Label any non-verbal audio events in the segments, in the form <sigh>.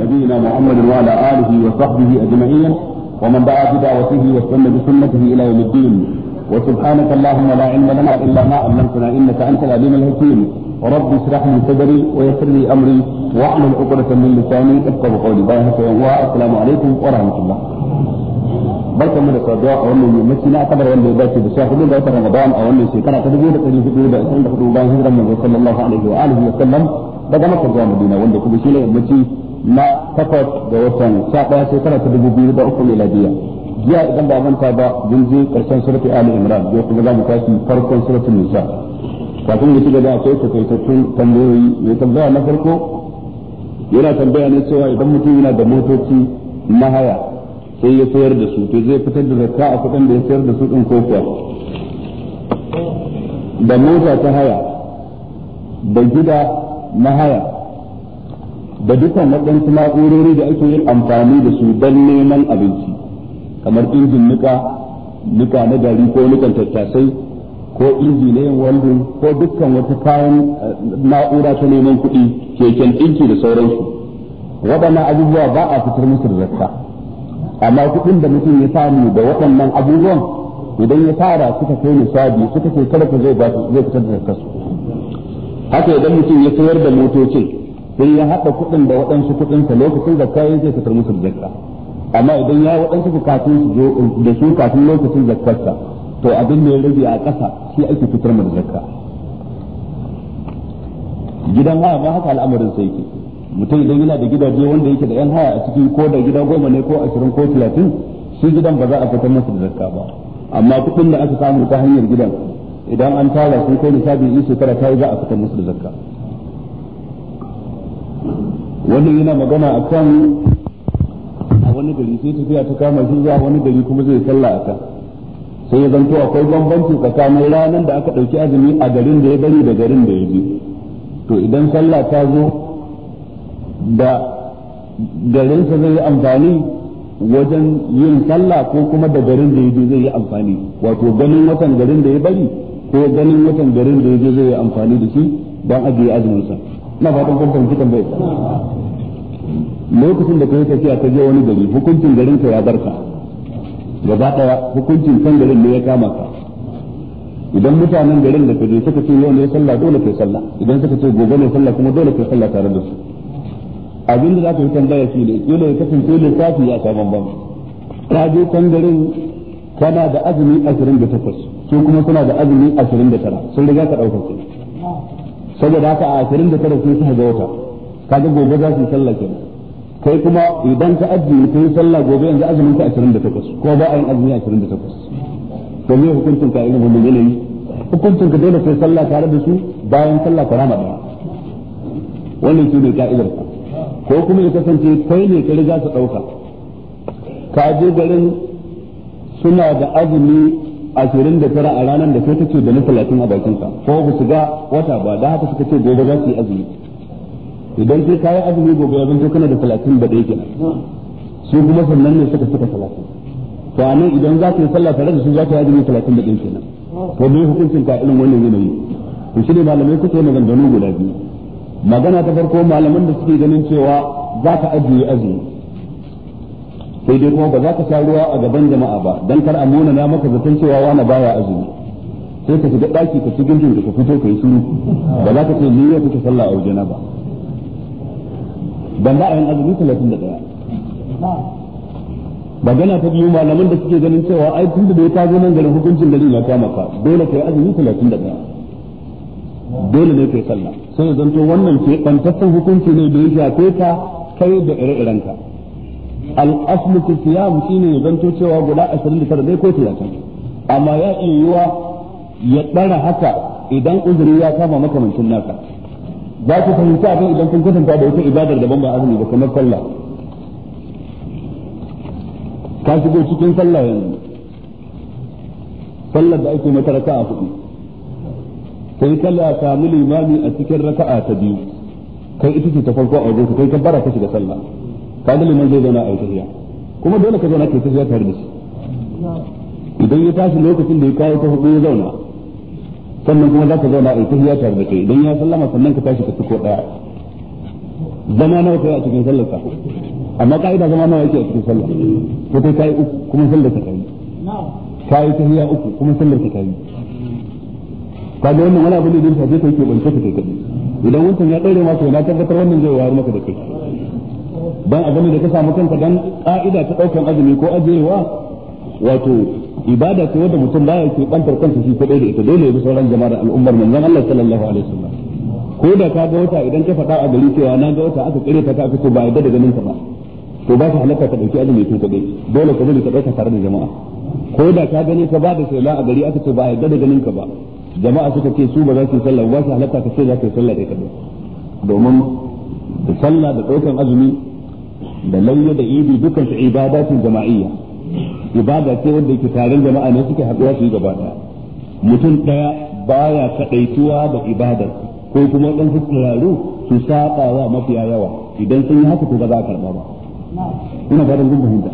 نبينا محمد وعلى اله وصحبه اجمعين ومن دعا بدعوته واستنى بسنته الى يوم الدين وسبحانك اللهم لا علم لنا الا ما علمتنا انك انت العليم الحكيم رب اشرح لي صدري ويسر لي امري واعمل عقدة من لساني افقه قولي بارك والسلام عليكم ورحمه الله بارك الله da saduwa a wannan yammaci na asabar wanda ya dace da sha hudu ga watan Ramadan a wannan shekara ta الله da ɗari hudu da ashirin da hudu daga maka zuwa madina wanda kuma shi ne mace na takwas da watan sha ɗaya shekara ta dubu biyu da uku miladiya jiya idan ba manta ba mun je karshen surati ali imran zai kuma za mu tashi farkon suratul nisa kafin mu ci da akwai takaitattun tambayoyi mai tambaya na farko yana tambaya ne cewa idan mutum yana da motoci na haya sai ya sayar da su to zai fitar da zakka a kuɗin da ya sayar da su ɗin ko da mota ta haya da gida na haya da dukkan waɗansu na'urori da ake yin amfani da su don neman abinci kamar injin nika nika na gari ko nukan tattasai ko inji na yin ko dukkan wata kayan eh, na'ura ta neman kuɗi keken ɗinki da sauransu waɗannan abubuwa ba a fitar musu da zakka amma kuɗin da mutum ya samu da waɗannan abubuwan idan ya tara suka kai nisabi suka kai kada ka zai fitar da zakkarsu haka idan mutum ya sayar da motocin sai ya haɗa kuɗin da waɗansu kuɗin ta lokacin zakka ya zai fitar musu zakka amma idan ya waɗansu bukatun su da su kafin lokacin sa to abin da ya rage a ƙasa shi ake fitar mu da zakka gidan haya ma haka al'amarin sai yake mutum idan yana da gidaje wanda yake da yan haya a cikin ko da gida goma ne ko ashirin ko talatin shi gidan ba za a fitar masa da zakka ba amma kuɗin da aka samu ta hanyar gidan idan an tara sun kai nisabi yi shekara ta yi za a fitar musu da zakka wannan yana magana a kan a wani gari sai tafiya ta kama shi zuwa wani gari kuma zai salla a kan sai ya zanto akwai bambanci tsakanin ranar da aka ɗauki azumi a garin da ya bari da garin da ya bi to idan sallah ta zo da garinsa zai yi amfani wajen yin sallah ko kuma da garin da ya bi zai yi amfani wato ganin watan garin da ya bari ko ganin watan garin da yaje zai yi amfani da shi don ajiye azumin sa ina fatan kun fahimci tambayar lokacin da kai tafiya ka je wani gari hukuncin garin ka ya barka gaba daya hukuncin kan garin ne ya kama ka idan mutanen garin da kaje suka ce yau ne sallah dole kai sallah idan suka ce gobe ne sallah kuma dole kai sallah tare da su abin da za ka yi tambaya shi ne kila ya kasance lissafi ya saman ban ka je kan garin kana da azumi 28 da takwas su kuma suna da azumi ashirin da 29 sun riga ka daukar su saboda haka a tara sun suka ga wata kaga gobe za su sallah kenan kai kuma idan ka ajiye yi sallah gobe yanzu azumin ka takwas ko ba a yin azumi ashirin da takwas to me hukuncin ka irin wannan yanayi hukuncin ka dole sai sallah tare da su bayan sallah ka rama daya wannan shi ne ka'idar ka ko kuma ya kasance kai ne ka riga su ɗauka ka je garin suna da azumi ashirin da tara a ranar da kai ta ce da na talatin a bakinka ko ba su ga wata ba da haka suka ce gobe za su yi azumi idan sai kayi azumi gobe ya zanto kana da talatin da ɗaya kenan su kuma sannan ne suka suka talatin to anan idan za ka yi sallah tare da su za ka yi azumi talatin da kenan to me hukuncin ka irin wannan yanayi to shi ne malamai kuke yi maganganu guda biyu magana ta farko malaman da suke ganin cewa za ka ajiye azumi sai dai kuma ba za ka sha ruwa a gaban jama'a ba dan kar a nuna na maka zaton cewa wani baya azumi sai ka shiga daki ka ci gindin ka fito ka yi shiru ba za ka ce ni ne kuke sallah a wajena ba ban ba a yin azumi 31 gana ta biyu malaman da suke ganin cewa ai tun da ta zo nan garin hukuncin da ya kama ka dole kai azumi 31 dole ne kai sallah sai zanto wannan ke bantaccen hukunci ne da ya shafe ka kai da ire-irenka al'aslu ku siyam shine ya zanto cewa guda 29 dai ko 30 amma ya iya yiwa ya dara haka idan uzuri ya kama makamancin naka za ku fahimci abin idan kun kusanta da wata ibadar daban ba azumi ba kamar sallah ka shigo cikin sallah yanzu sallar da ake mata raka'a kuɗi, kai sallah ka limami a cikin raka'a ta biyu kai ita ce ta farko a wajen kai ka bara ka shiga sallah kaga liman zai zauna a yi tafiya kuma dole ka zauna ka yi tafiya tare da shi idan ya tashi lokacin da ya kawo ta hudu ya zauna sannan kuma za ka zauna a yi tafiya tare da kai idan ya sallama sannan ka tashi ka tuko daya zama nawa kai a cikin sallar ka amma ka'ida zama nawa yake a cikin sallar ko kai kai uku kuma sallar ka kai kai tafiya uku kuma sallar ka kai ga wannan wani abu ne da ya shafe kai ke bance ka kai kadai idan wancan ya daure maka yana tabbatar wannan zai wayar maka da kai ba gani da ka samu kanka dan ka'ida ta daukan azumi ko ajiyewa wato ibada ce wanda mutum baya ke bantar kansa shi kadai da ita dole ya bi sauran jama'ar al'ummar manzon Allah sallallahu alaihi wasallam ko da ka ga wata idan ka faɗa a gari cewa na ga wata aka kire ta ka ce ba yadda da ganin ka ba to ba ka halaka ka dauki azumi ko kadai dole ka bari ka dauka tare da jama'a ko da ka gani ka ba da sallah a gari aka ce ba yadda da ganin ka ba jama'a suka ce su ba za su yi sallah ba su halaka ka ce za ka yi sallah da kadai domin da sallah da daukan azumi da lauya da idi dukkan su ibadatun jama'iyya ibada ce wanda yake taron jama'a ne suke haɗuwa su yi gaba ɗaya mutum ɗaya baya kaɗaituwa da ibadar ko kuma ɗan fitsiraru su saɓa wa mafiya yawa idan sun yi haka ko ba za a karɓa ba ina fatan kun fahimta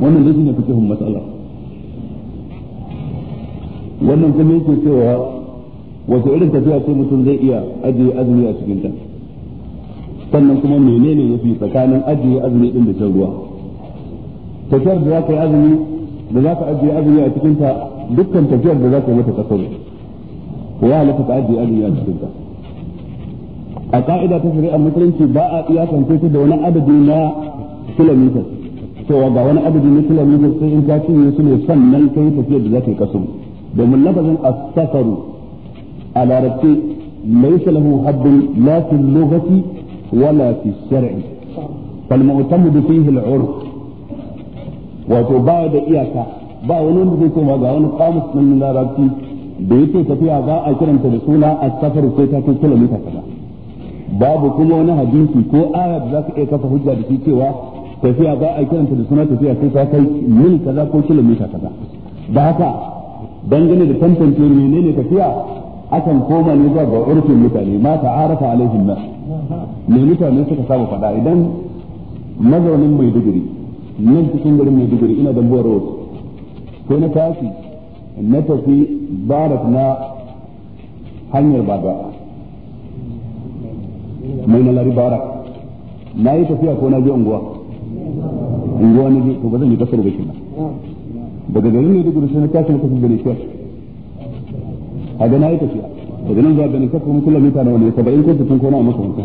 wannan zai ne fikihun matsala wannan kuma yake cewa wasu irin tafiya ce mutum zai iya ajiye azumi a cikin ta sannan kuma menene yafi tsakanin ajiye azumi din da shan ruwa tafiyar da zaka yi azumi da zaka ajiye azumi a cikin ta dukkan tafiyar da zaka yi mata kasar ya halatta ka ajiye azumi a cikin ta a ka'ida ta shari'a musulunci ba a iyakance ta da wani adadi na kilomita cewa ga wani adadi na kilomita sai in ka cinye su ne sannan kai tafiyar da zaka yi kasar domin lafazin as-safaru a larabci laysa lahu haddun la lokaci. ولا في الشرع فالمعتمد فيه العرف da إياك ba wani wanda zai koma ga wani kamus din larabci da yake tafiya ba a kiranta da suna a safar sai ta kai kilomita kaza babu kuma wani hadisi ko aya da zaka iya kafa hujja da shi cewa tafiya ba a kiranta da suna tafiya sai ta kai mil kaza ko kilomita kaza da haka dangane da tantance menene tafiya akan koma ne zuwa ga urfin mutane ma ta'arafa alaihim nas mai mutane suka samu fada idan mazaunin mai digiri nan cikin garin mai digiri ina da buwar road ko na tashi na tafi barat na hanyar baga mai na lari barak na yi tafiya ko na je unguwa unguwa na je ko ba zan yi kasar ba kenan daga garin mai digiri sai na tashi na tafi benishiyar a ga na yi tafiya daga nan zuwa ganin kafa kuma kullum mita wani saba'in ko sittin ko na masa wancan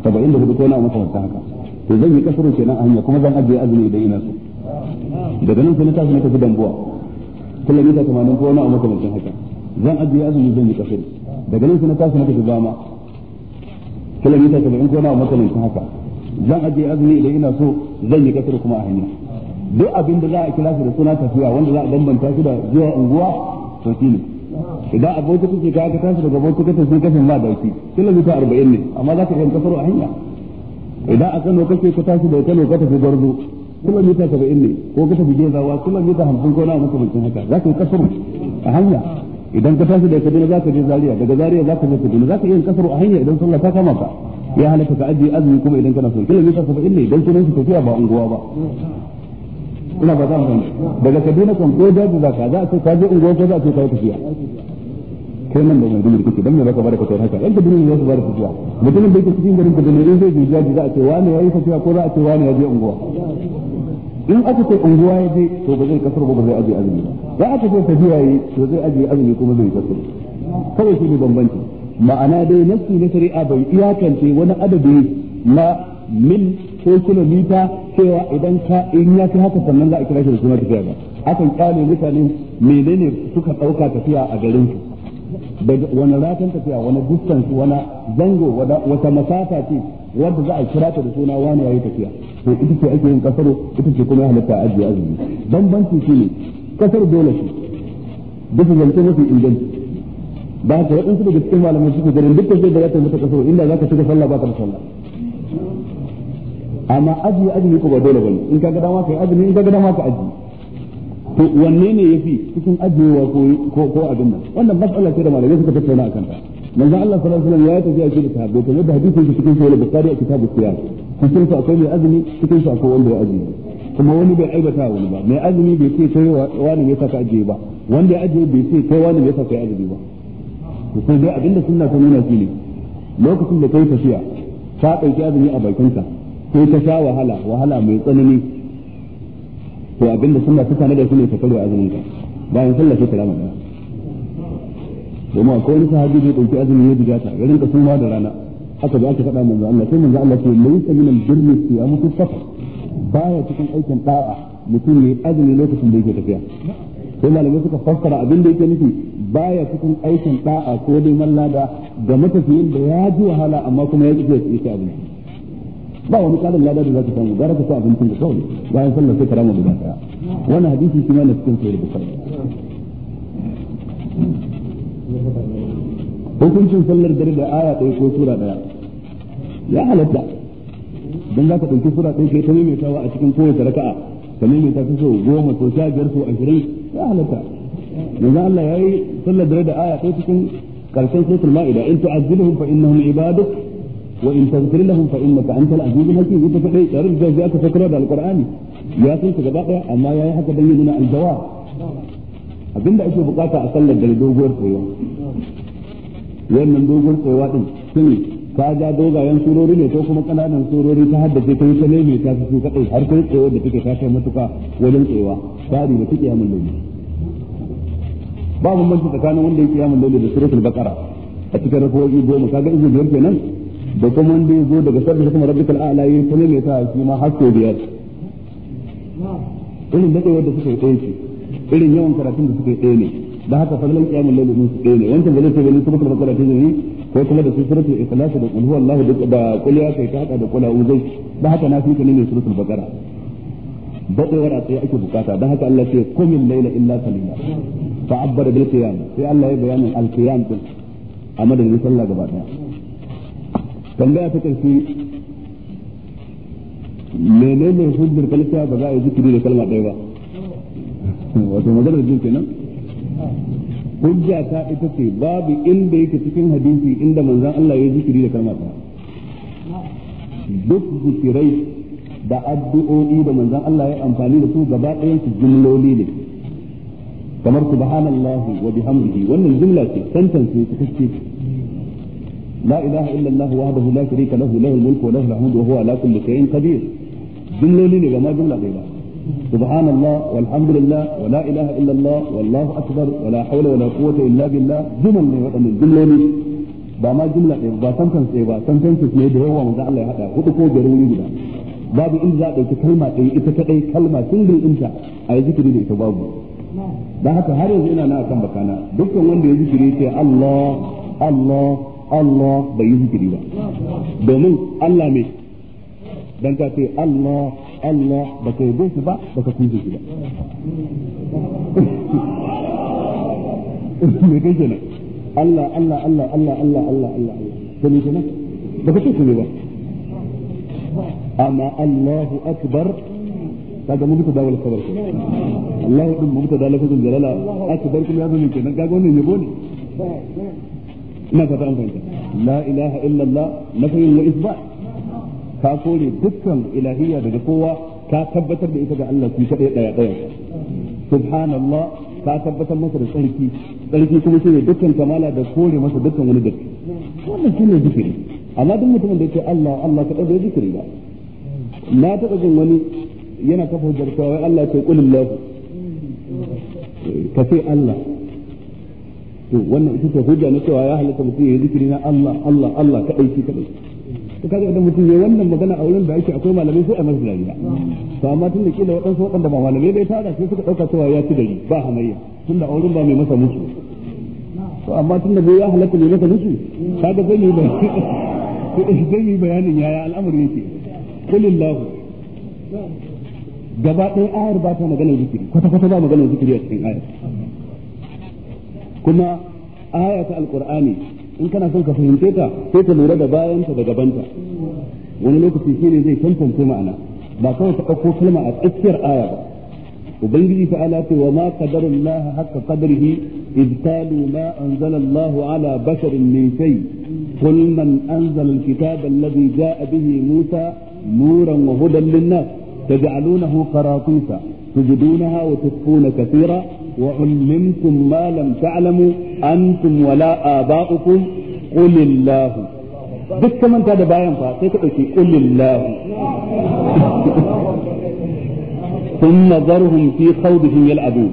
haka da hudu ko na masa wancan haka to zan yi kasaro kenan a hanya kuma zan ajiye azumi idan ina so daga nan tashi na tafi dambuwa kullum tamanin ko na masa wancan haka zan ajiye azumi zan yi kasaro daga nan na tashi na tafi kullum ko zan ajiye azumi idan yi kuma a hanya duk abin za a kira shi da suna tafiya wanda za a bambanta shi da zuwa unguwa to idan a bauta kuke ka tashi daga bauta kake sun kasan ma dauki kilomita arba'in ne amma za ka kan kasar a hanya idan a kano lokaci ka tashi daga kano ka tafi gwarzo kilomita saba'in ne ko ka tafi gezawa kilomita hamsin ko na makamancin haka za ka yi kasar a hanya idan ka tashi daga kaduna za ka je zaria daga zaria za ka je kaduna za ka yi kasar a hanya idan sallah ta kama ka ya halatta ka ajiye azumi kuma idan kana son kilomita saba'in ne idan sunan su tafiya ba unguwa ba ina ba za mu gani daga kaduna kan ko daji za ka za a ce ka je unguwa ko za a ce ka yi tafiya kai nan da mai dinin kike dan me ka bada kai haka yanda dunin ne su bada tafiya mutumin da yake cikin garin da ne zai je jaji za a ce wani yayi tafiya ko za a ce wani ya je unguwa in aka ce unguwa ya je to ba zai kasar ba zai aje azumi ba aka ce tafiya yi to zai aje azumi kuma zai kasar kawai shi ne bambanci ma'ana dai nafsi na shari'a bai iyakance wani adadi na min ko mita cewa idan ka in ya fi haka sannan za a kira shi da suna tafiya ba akan kyale mutane menene suka ɗauka tafiya a garin su daga wani ratan tafiya wani distance wani zango wata masafa ce wanda za a kira ta da suna wani yayi tafiya to ita ce ake yin kasaro ita ce kuma halitta a ajiye azumi bambanci shi ne kasar dole shi bisa zance mafi inganci ba ka waɗansu daga cikin malamai suke ganin duk da zai da ya taimaka kasaro inda za ka shiga sallah ba ka da sallah amma aji aji ko ba dole bane in kaga dama kai aji in kaga dama ka aji to wanne ne yafi cikin ajiyewa ko ko abin nan wannan mas'ala ce da malamai suka tattauna akan ta manzo Allah sallallahu alaihi wasallam ya tafi a cikin sahabbai kamar da hadisin shi cikin sahih bukhari a kitabu siyar cikin su akwai mai azumi cikin akwai wanda ya kuma wani bai aibata wani ba mai azumi bai ce kai wani ne saka ba wanda ya ajiye bai ce kai wani ne saka ajiye ba to sai dai abinda sunna ta nuna shi ne lokacin da kai tafiya ka dauki azumi a bakinka sai ta sha wahala wahala mai tsanani to abinda suna suka nada su ne ta karya azumin ka bayan sallah sai ta rama daya domin akwai wani sahabi da ya dauki azumi ya diga ta ya rinka suma da rana haka da aka faɗa manzo Allah sai manzo Allah ce laysa min su ya mutu safa baya cikin aikin da'a mutum ne azumi lokacin da yake tafiya sai malamai suka fassara abin da yake nufi baya cikin aikin da'a ko neman lada ga matafiyin da ya ji wahala amma kuma ya ji ya ci abin ba wani kalin lada da zaki samu gara ka ci abincin da kawai bayan sallar sai karama guda daya wannan hadisi shi na cikin hukuncin sallar dare da aya ɗaya ko sura ɗaya ya halatta don za ka ɗauki sura ɗaya kai ta maimaitawa a cikin kowace raka'a ka maimaita ta sau goma sau sha biyar sau ashirin ya halatta yanzu Allah ya yi sallar dare da aya ɗaya cikin ƙarshen suratul ma'ida in tu'azziluhum fa innahum ibaduk wa in tazkir lahum fa innaka antal azizul hakim ita kadai tsarin da zai aka fakara da alqur'ani ya san ta gaba daya amma yayi haka dan yana aljawa abinda ake bukata a sallar da doguwar tsayawa wannan doguwar tsayawa din shine ka ga dogayen surori ne ko kuma kananan surori ta haddace kai ta lebe ta su kadai har kai tsayawa da take ta kai matuka wajen tsayawa tsari da take yamin lebe ba bambanci tsakanin wanda yake yamin lebe da suratul baqara a cikin rakowi goma kaga izu ke nan. da kuma wanda ya zo daga sabbi kuma rabbikal a'la yayi kuma mai ta shi ma hakko biyar irin da wanda suka yi ɗaya ce irin yawan karatun da suka yi ɗaya ne da haka fadlan kiyamul layl din su ɗaya ne wancan da zai ce ganin suratul baqara ta zai ko kuma da suratul ikhlas da qul huwallahu da qul ya kai ta da qul a'udhu da haka na fi ne mai suratul baqara dadewar a tsaye ake bukata don haka Allah ce kumin laila illa kalila fa abbara bil qiyam sai Allah ya bayanin al qiyam din a madadin sallah gaba daya tambaya ta karshe menene hujjar kalta ba za a yi zikiri da kalma ɗaya ba wato maganar jin kenan hujja ta ita ce babu inda yake cikin hadisi inda manzan Allah ya zikiri da kalma ɗaya duk zikirai da addu'o'i da manzan Allah ya amfani da su gaba ɗayan su jimloli ne kamar subhanallahi wa bihamdihi wannan jimla ce tantance cikakke لا إله إلا الله وحده لا شريك له له الملك وله الحمد وهو على كل شيء قدير جملة لي ما جملة غيرها سبحان الله والحمد لله ولا إله إلا الله والله أكبر ولا حول ولا قوة إلا بالله وطن الجملة ba ma jumla ba san kan ba san kan ne da yawa manzo Allah ya hada hudu ko biyar wuri guda babu in za a ɗauki kalma ɗaya ita ta ɗaya kalma single ɗinta a yi zikiri da ita babu dan haka har yanzu ina na akan bakana dukkan wanda ya zikiri ce Allah Allah bai yi zikiri ba domin Allah ne dan ka ce Allah Allah baka yi shi ba baka kunje shi ba <laughs> me kai kenan Allah Allah Allah Allah Allah Allah Allah to me kenan baka ce shi ba amma Allahu akbar kaga mun ta dawal kabar ko Allahu din mun ta dawal kabar jalala akbar kuma yazo ne kenan kaga wannan yabo ne ina fata an fahimta la ilaha illallah nafiyin wa isbat ka kore dukkan ilahiyya daga kowa ka tabbatar da ita ga Allah ku kadai daya daya subhanallah ka tabbatar masa da tsarki tsarki kuma shine dukkan kamala da kore masa dukkan wani dukkan wannan shine zikiri amma duk mutumin da yake Allah Allah kadai bai zikiri ba na taɓa jin wani yana kafa hujjar cewa Allah ce kulillahu ka ce Allah to wannan ita ce hujja na cewa ya halatta mutum ya zikiri na Allah Allah Allah kadai shi kadai to kaga idan mutum ya wannan magana a wurin da ake akwai malamai sai a masa dariya to amma tun da kila waɗansu waɗanda ba malamai bai tada sai suka ɗauka cewa ya ci gari ba hamayya tun da auren ba mai masa musu to amma tun da ya halatta mai masa musu kaga zan yi bayani <laughs> zan yi bayanin yaya al'amari yake kulillahu gaba ɗaya ayar ba ta maganar zikiri kwata-kwata ba maganar zikiri a cikin ayar kuma aya ta alqur'ani in kana son ka fahimce ta sai ka lura da bayanta da gabanta wani lokaci shine zai tantance ma'ana ba kawai ka ɗauko kalma a tsakiyar aya ba ubangiji ta ala ce wa ma qadarullah haqqa qadrihi id qalu ma anzala Allah ala basharin min shay qul man anzala alkitaba alladhi jaa bihi Musa nuran wa hudan lin-nas taj'alunahu qaratisa تجدونها وتخفون كثيرا وعلمتم ما لم تعلموا أنتم ولا آباؤكم قل الله duk ka manta da bayan fa sai ka ɗauki ƙulillahu sun nazarhum fi khawdihim yal'abu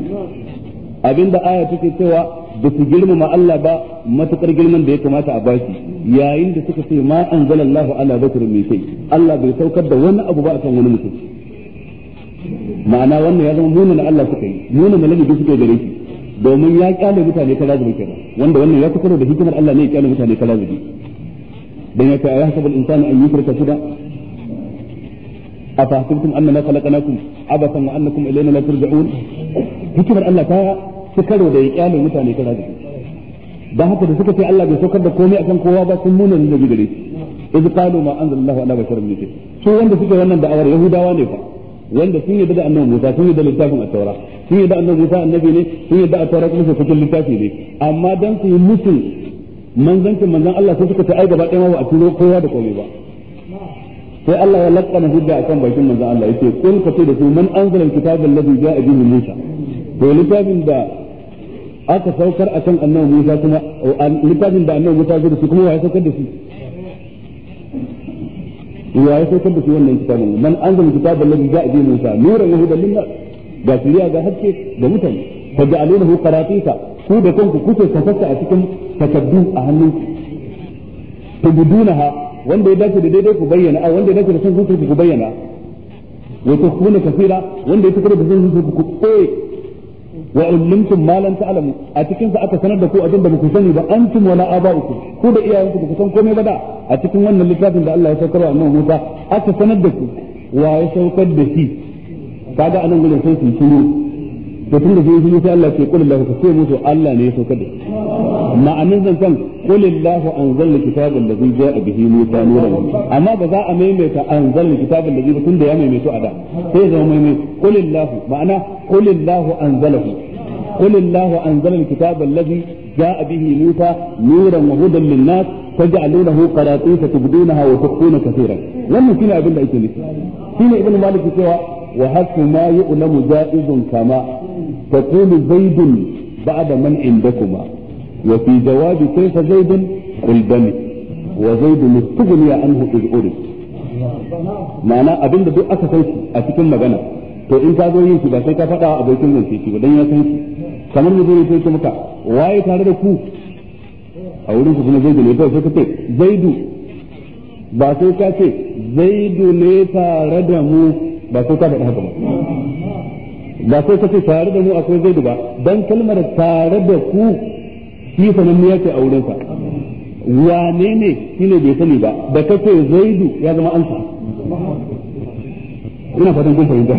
abinda aya take cewa ba su girmama Allah ba matukar girman da ya kamata a baki yayin da suka ce ma anzalallahu ala bakr min shay Allah bai saukar da wani abu ba akan wani mutum ma'ana wannan ya zama nuna Allah suka yi nuna malaiki suka yi gare shi domin ya kyale mutane kaza zubi kenan wanda wannan ya kusa da hikimar Allah ne ya kyale mutane kaza zubi dan yake ya hasabul insanu an yufraka suda afahkumtum annama khalaqnakum abathan wa annakum ilayna la turja'un hikimar Allah ta su karo da ya kyale mutane kaza zubi dan haka da suka ce Allah bai sokar da komai akan kowa ba sun nuna ne gare shi iz qalu ma anzalallahu ala basharin min su wanda suke wannan da'awar yahudawa ne fa wanda sun yadda da annabi Musa sun yadda littafin at-taura sun yadda annabi Musa annabi ne sun yadda at-taura kuma su cikin littafi ne amma dan su yi musun manzancin manzan Allah sai suka ta ai gaba ɗaya ma ba a turo kowa da komai ba sai Allah ya lakkana hujja akan bakin manzan Allah yace kun kace da su man anzala al-kitaba alladhi ja'a bihi Musa to littafin da aka saukar akan annabi Musa kuma littafin da annabi Musa ya da kuma ya saukar da shi ya yi saukar da shi wannan kitabin man anzal kitab allazi ja'a bi musa nuran wa hudan linnas ga shiriya ga hakke da mutane ta fa ja'alunahu qaratisa ku da kanku kuke kasasta a cikin takaddu a hannunku tubudunaha wanda ya dace da daidai ku bayyana a wanda ya dace da son zuciyarku ku bayyana wa tukhuna kafira wanda ya fitar da son zuciyarku ku koye wa ullimtum ma lam ta'lamu a cikin sa aka sanar da ku abin da ba ku sani ba antum wala aba'ukum ku da iyayenku ba ku san komai ba da a cikin wannan littafin da Allah ya saukar wa annabi Musa aka sanar da ku wa ya saukar da shi kaga anan gurin sai su shiru to tun da sun shiru sai Allah ke kula Allah ka ce musu Allah ne ya saukar da shi ma'anin zancan kul Allah anzalna kitabal ladhi ja'a bihi Musa nuran amma ba za a maimaita anzalna kitabal ladhi ba tunda ya maimaito a da sai zama maimaita kul ma'ana kul Allah anzalahu kul Allah anzalna kitabal ladhi ja'a bihi Musa nuran wa hudan lin-nas taj'alunahu qaratisa tubdunaha wa tukhfuna katiran wannan shine abin da ake nufi shine ibn malik cewa wa hasu ma yu'lamu jaizun kama taqulu zaidun ba'da man indakuma wa fi jawabi kayfa zaidun qul bani wa zaidun istughniya anhu iz urid ma'ana abin da duk aka san a cikin magana to in ka zo yin shi ba sai ka faɗa abokin zance shi ba dan ya san shi kamar mu zo ne sai maka waye tare da ku a wurin su suna zaidu ne kawai sai ka ce zaidu ba sai ka ce zaidu ne tare da mu ba sai ka faɗi haka ba ba sai ka ce tare da mu akwai zaidu ba dan kalmar tare da ku shi ya ce a wurin sa wane ne shi ne bai sani ba da ka ce zaidu ya zama an ina fatan kun fahimta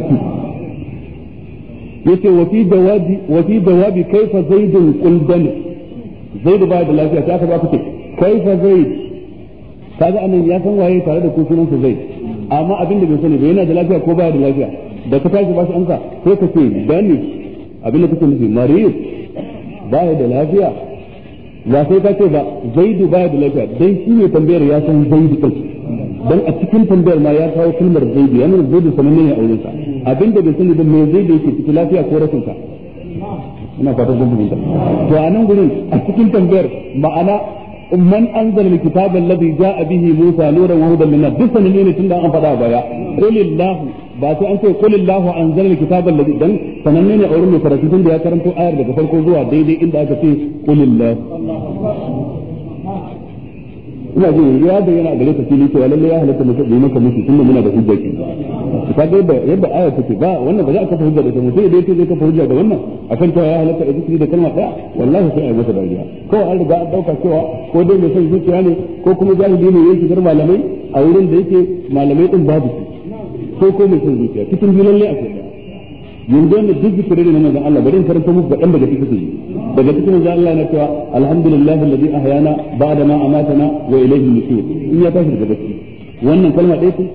yace wa fi dawabi wa fi dawabi kaifa zaidun qulban zai baya da lafiya sai aka ba ku ce kai fa zai kaga anan ya san waye tare da ku sunansa zai amma abin da bai sani bai yana da lafiya ko baya da lafiya da ka tashi ba shi amsa sai ka ce dani abin da kake nufi marid baya da lafiya ba sai ka ce ba zaidu baya da lafiya dan shi ne tambayar ya san zaidu din dan a cikin tambayar ma ya kawo kalmar zaidu yana zaidu sananne ne a wurinsa abin da bai sani ba me zaidu yake cikin lafiya ko rashin sa ina fatan kun fahimta to a nan gurin a cikin tambayar ma'ana man anzala alkitaba alladhi ja'a bihi musa nuran wa hudan linnas duk sanin ne tunda an faɗa baya qulillahu ba sai an ce qulillahu anzala alkitaba alladhi dan sananne ne a wurin mai karatu tunda ya karanto ayar daga farko zuwa daidai inda aka ce qulillahu ina jin ya bayyana a gare ka fili cewa lalle ya halatta mutum ne maka mutu tunda muna da hujja ka ga yadda yadda aya take ba wannan ba za a kafa hujja da ita mutum da yake zai kafa hujja da wannan akan cewa ya halatta da zikiri da kalma daya wallahi sai a yi masa dariya ko an riga an dauka cewa ko dai mai son zuciya ne ko kuma jahili ne yake gar malamai a wurin da yake malamai din babu su ko ko mai son zuciya cikin biyu lalle a da yanzu wanda duk zikirin ne na manzon Allah bari in karanta muku kaɗan daga cikin su daga cikin manzon Allah na cewa alhamdulillahi alladhi ahyana ba'da ma amatana wa ilayhi nusur in ya tashi daga ciki wannan kalma ɗaya ce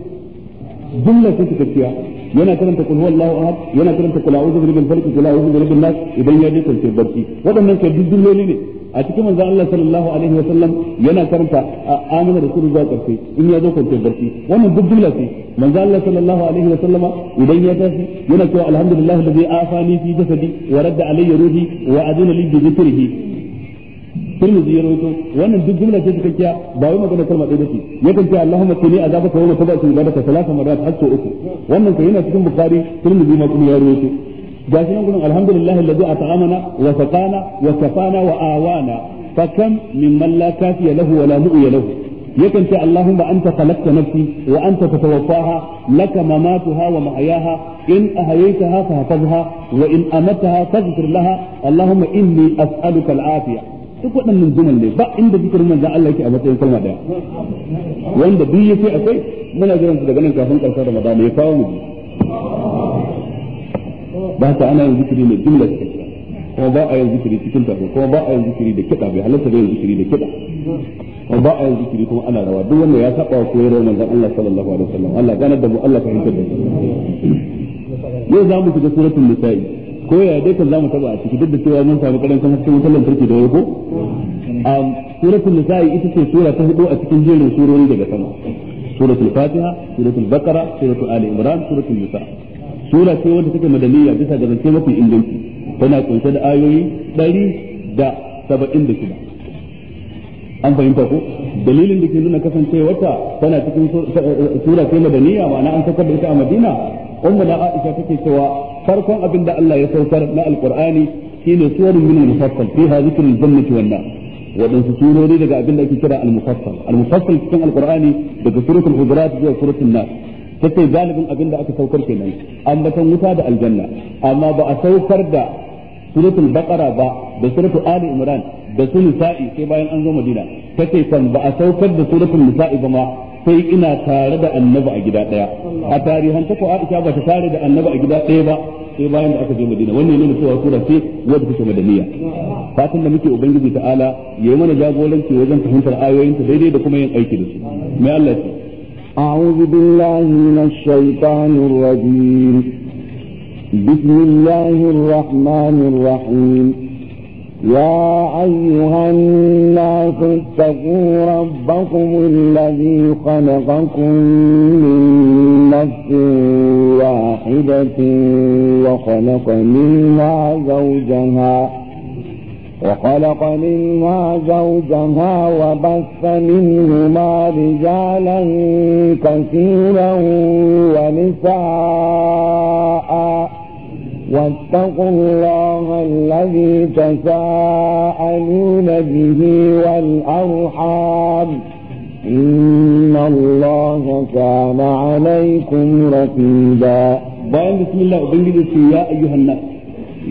jumla ce cikakkiya yana karanta kul huwallahu ahad yana karanta kul a'udhu bi rabbil falaq kul a'udhu bi rabbin nas idan ya je kwanciyar barci waɗannan kai duk jumloli ne a cikin manzon Allah sallallahu alaihi wa sallam yana karanta amana da suru zuwa karfe in ya zo kwanciyar barci wannan duk jumla ce manzon Allah sallallahu alaihi wa sallama idan ya tashi yana cewa alhamdulillah alladhi afani fi jasadi wa ya ruhi wa adina ya bi dhikrihi tirmidhi ya rawaito wannan duk jumla ce cikakkiya ba wai magana kalma ɗaya bace yakan ce allahumma tini azabaka da kaba shi ibadaka salasa marrat hatta uku wannan kai yana cikin bukhari tirmidhi ma kuma ya rawaito gashi nan gurin alhamdulillah alladhi at'amana wa saqana wa kafana wa awana fa kam mimman la kafiya lahu wa la mu'ya lahu yakan ce allahumma anta khalaqta nafsi wa anta tatawaffaha laka mamatuha wa mahyaha in ahyaytaha fa hafazha wa in amataha fa laha allahumma inni as'aluka al-afiyah duk waɗannan zuman ne ba inda zikirin manzon Allah yake a matsayin kalma daya wanda duk yace akwai muna jiran daga nan kafin ƙarshen Ramadan ya kawo mu ba ta ana yin zikiri ne jumla ta kira kuma ba a yin zikiri cikin tafi kuma ba a yin zikiri da kiɗa bai halatta da yin zikiri da kiɗa kuma ba a yin zikiri kuma ana rawa duk wanda ya saba wa koyarwar manzon Allah sallallahu alaihi wasallam Allah ganar da mu Allah fahimtar da mu yau za mu shiga suratul nisa'i ko ya dai kan zamu taba a ciki duk da cewa mun samu karancin hakkin wutar lantarki da yau um suratul nisa'i ita ce sura ta hudu a cikin jerin surori daga sama suratul fatiha suratul baqara suratul ali imran suratul nisa sura ce wanda take madaniya bisa ga zance mafi inganci tana kunshe da ayoyi ɗari da saba'in da shida an fahimta ko dalilin da ke nuna kasancewarta tana cikin sura ce madaniya ma'ana an saukar da ita a madina umma na aisha take cewa farkon abin da Allah ya saukar na alkur'ani shine surun min al-mufassal fiha dhikrul jannati wan nar waɗansu surori daga abin da ake kira al-mufassal al-mufassal cikin alkur'ani daga suratul hujurat zuwa suratul nas take galibin abin da aka saukar kenan ambatan wuta da aljanna amma ba a saukar da suratul baqara ba da suratul ali imran da su nisa'i sai bayan an zo madina take kan ba a saukar da suratul nisa'i ba ma sai ina tare da annabi a gida ɗaya a tarihan ta ko Aisha ba ta tare da annabi a gida ɗaya ba sai bayan da aka je Madina wannan ne cewa sura ce wadda take madaniya fatan da muke ubangiji ta'ala yayi mana jagoranci wajen fahimtar ayoyin ta daidai da kuma yin aiki da su mai Allah ce أعوذ بالله من الشيطان الرجيم بسم الله الرحمن يا أيها الناس اتقوا ربكم الذي خلقكم من نفس واحدة وخلق منها زوجها وخلق منها زوجها وبث منهما رجالا كثيرا ونساء واتقوا الله الذي تساءلون به والأرحام إن الله كان عليكم رقيبا بيان بسم الله أبنجد يا أيها الناس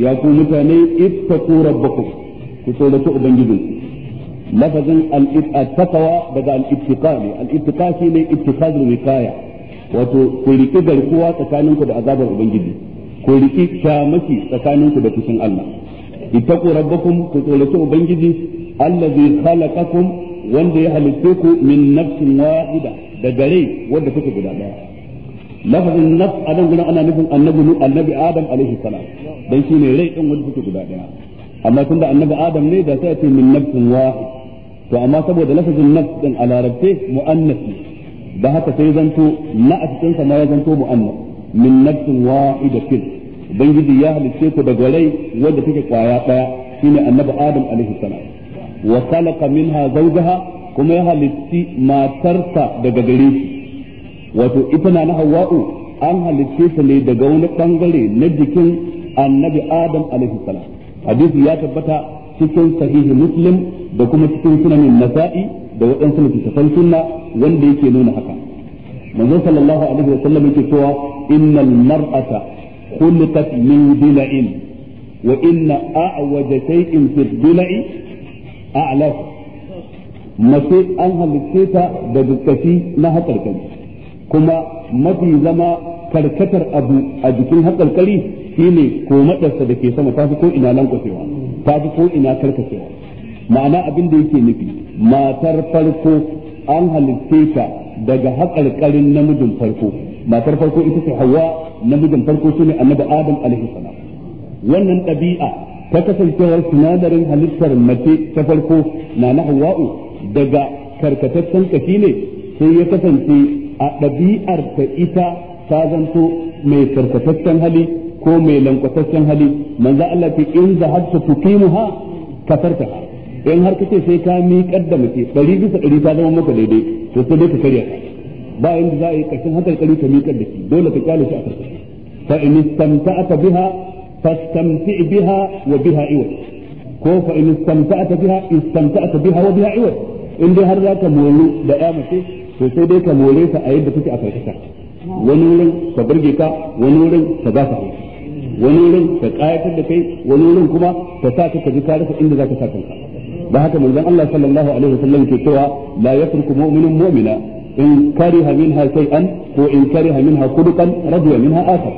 يا كومتاني اتقوا ربكم كسولة أبنجد لفظ التقوى بدأ الاتقاء الاتقاء شيء اتخاذ الوقاية وتقول كذا القوة تكاننك بأذاب أبنجد ko riki kyamaki tsakaninku da fushin Allah ittaqu rabbakum ku tsorace ubangiji allazi khalaqakum wanda ya halitte ku min nafsin wahida da rai wanda take guda daya lafazin naf a nan ana nufin annabi annabi adam alaihi salam dan shine rai din wanda take guda daya amma tunda annabi adam ne da sai ce min nafsin wahid to amma saboda lafazin nafs din a larabce mu'annas ba da haka sai zanto na a cikin sa ma ya zanto mu'annas min nafsin wahidatin ubangiji ya halice ku daga rai wanda take kwaya daya shine annabi adam alaihi salam wa khalaqa minha zawjaha kuma ya halitti matarsa daga gare shi wato ita na na hawa'u an halitte ta ne daga wani bangare na jikin annabi adam alaihi salam hadisi ya tabbata cikin sahihi muslim da kuma cikin sunanin nasa'i da waɗansu littattafan sunna wanda yake nuna haka manzo sallallahu alaihi wa sallam yake cewa innal mar'ata khuliqat min dila'in wa inna a'waja shay'in fi dila'i a'laf mace an halitta ta da dukkashi na hakarkari kuma mafi zama karkatar abu a jikin hakarkari shine ko komadarsa da ke sama ta fi ko ina lankwasewa ta fi ko ina karkacewa ma'ana abin da yake nufi matar farko an halitta ta daga haƙarƙarin namijin farko matar farko ita ce hawa namijin farko shine annabi adam alaihi salam wannan ɗabi'a ta kasancewar sinadarin halittar mace ta farko na na hawa'u daga karkataccen kashi ne sai ya kasance a ɗabi'ar ta ita ta zanto mai karkataccen hali ko mai lankwataccen hali manzo Allah ce in zahabta tuqimuha kafartaha in har kace sai ka miƙar da mace ɗari bisa ɗari ta zama maka daidai to sai dai ka karya ka ba inda za a yi karshen hankali kari ka miƙar da shi dole ka kyale shi a karshe fa in istamta'a biha fastamti biha wa biha iwa ko fa in istamta'a biha istamta'ata biha wa biha iwa in dai har za ka moru da ya mace to sai dai ka more ta a yadda take a ka wani wurin ka burge ka wani wurin ka ba ka wani wurin ka kayatar da kai wani wurin kuma ka sa ka ji ka rasa inda za ka sa kanka da haka manzon Allah sallallahu alaihi wasallam ke cewa la yatruku mu'minun mu'mina in kariha minha shay'an ko in kariha minha kudukan radiya minha akhar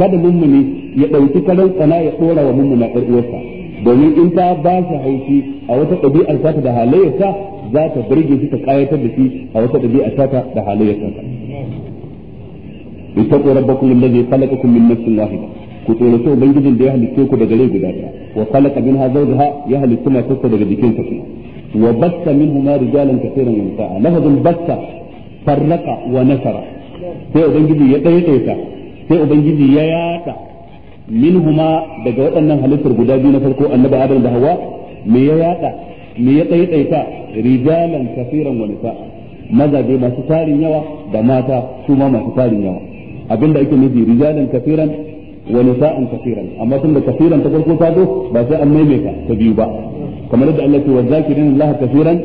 kada mummuni ya dauki kalan tsana ya dora wa mummuna ɗan uwarsa domin in ta ba shi haushi a wata ɗabi'ar ta da halayyarsa za ta burge shi ta kayatar da shi a wata ɗabi'ar ta da halayyarsa اتقوا ربكم الذي خلقكم من نفس واحده ku tsorata ubangijin da ya halitte ku daga rai guda ɗaya wa khalaqa minha zawjaha ya halitta matarsa daga jikin ta kuma wa batta minhuma rijalan kaseeran wa nisaa lafazul batta farraqa wa nasara sai ubangiji ya ɗaya ɗaya sai ubangiji ya yata minhuma daga waɗannan halittar guda biyu na farko annabi adam da hawa me ya yada me ya ɗaya ɗaya rijalan kaseeran wa nisaa mazaje masu tarin yawa da mata su ma masu tarin yawa abinda ake nufi rijalan kaseeran wa nisa'an kaseeran amma tunda kaseeran ta farko ta zo ba sai an maimaita ta biyu ba kamar yadda Allah ke wa zakirin Allah kaseeran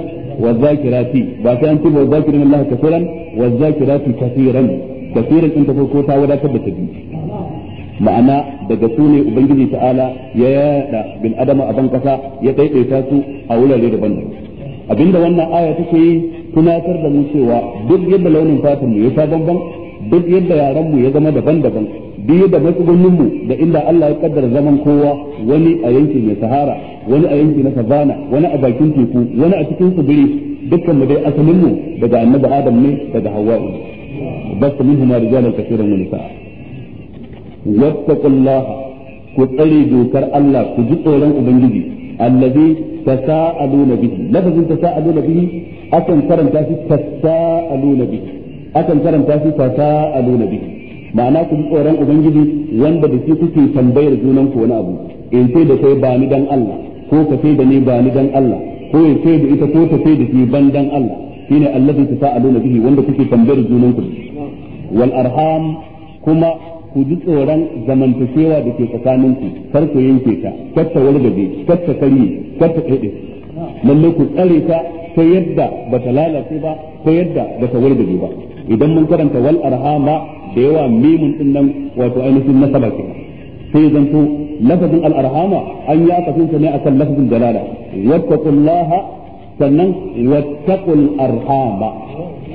wa zakirati ba sai an ce wa zakirin Allah kaseeran wa zakirati kaseeran kaseeran din ta farko ta wadatar da ta biyu ma'ana daga su ne ubangiji ta'ala ya yada bil adama a ban ya daidaita su a wurare daban-daban abinda wannan aya take yi tunatar da mu cewa duk yadda launin fatin mu ya sha bamban duk yadda yaran mu ya zama daban-daban biyu da matsugunnin mu da inda Allah ya kaddara zaman kowa wani a yanki mai sahara wani a yanki na savana wani a bakin teku wani a cikin tsibiri dukkan mu dai asalin mu daga annabi adam ne daga hawa'u bas minhuma rijalan kaseeran wa nisaa wattaqullaha ku tsare dokar Allah ku ji tsoron ubangiji allazi tasaaluna bihi lafazin tasaaluna bihi akan karanta shi tasaaluna bihi akan karanta shi tasaaluna bihi ma'ana ku ji tsoron ubangiji wanda da su kuke tambayar junan ku wani abu in sai da sai ba ni dan Allah ko ka sai da ni ba ni dan Allah ko in sai da ita ko ta sai da shi ban dan Allah shine allazi tasaaluna bihi wanda kuke tambayar junan ku wal arham kuma ku ji tsoron zamantakewa da ke tsakanin ku kar ku yanke ta kar ta wargaje kar ta karye kar ta tsede lalle ku tsare ta ta yadda ba ta lalace ba ta yadda ba ta wargaje ba idan mun karanta wal arhama da yawa mimun din nan wato ainihin nasaba ke sai zanto lafazin al arhama an yi aka sunta ne akan lafazin dalala wattaqullaha sannan wattaqul arhama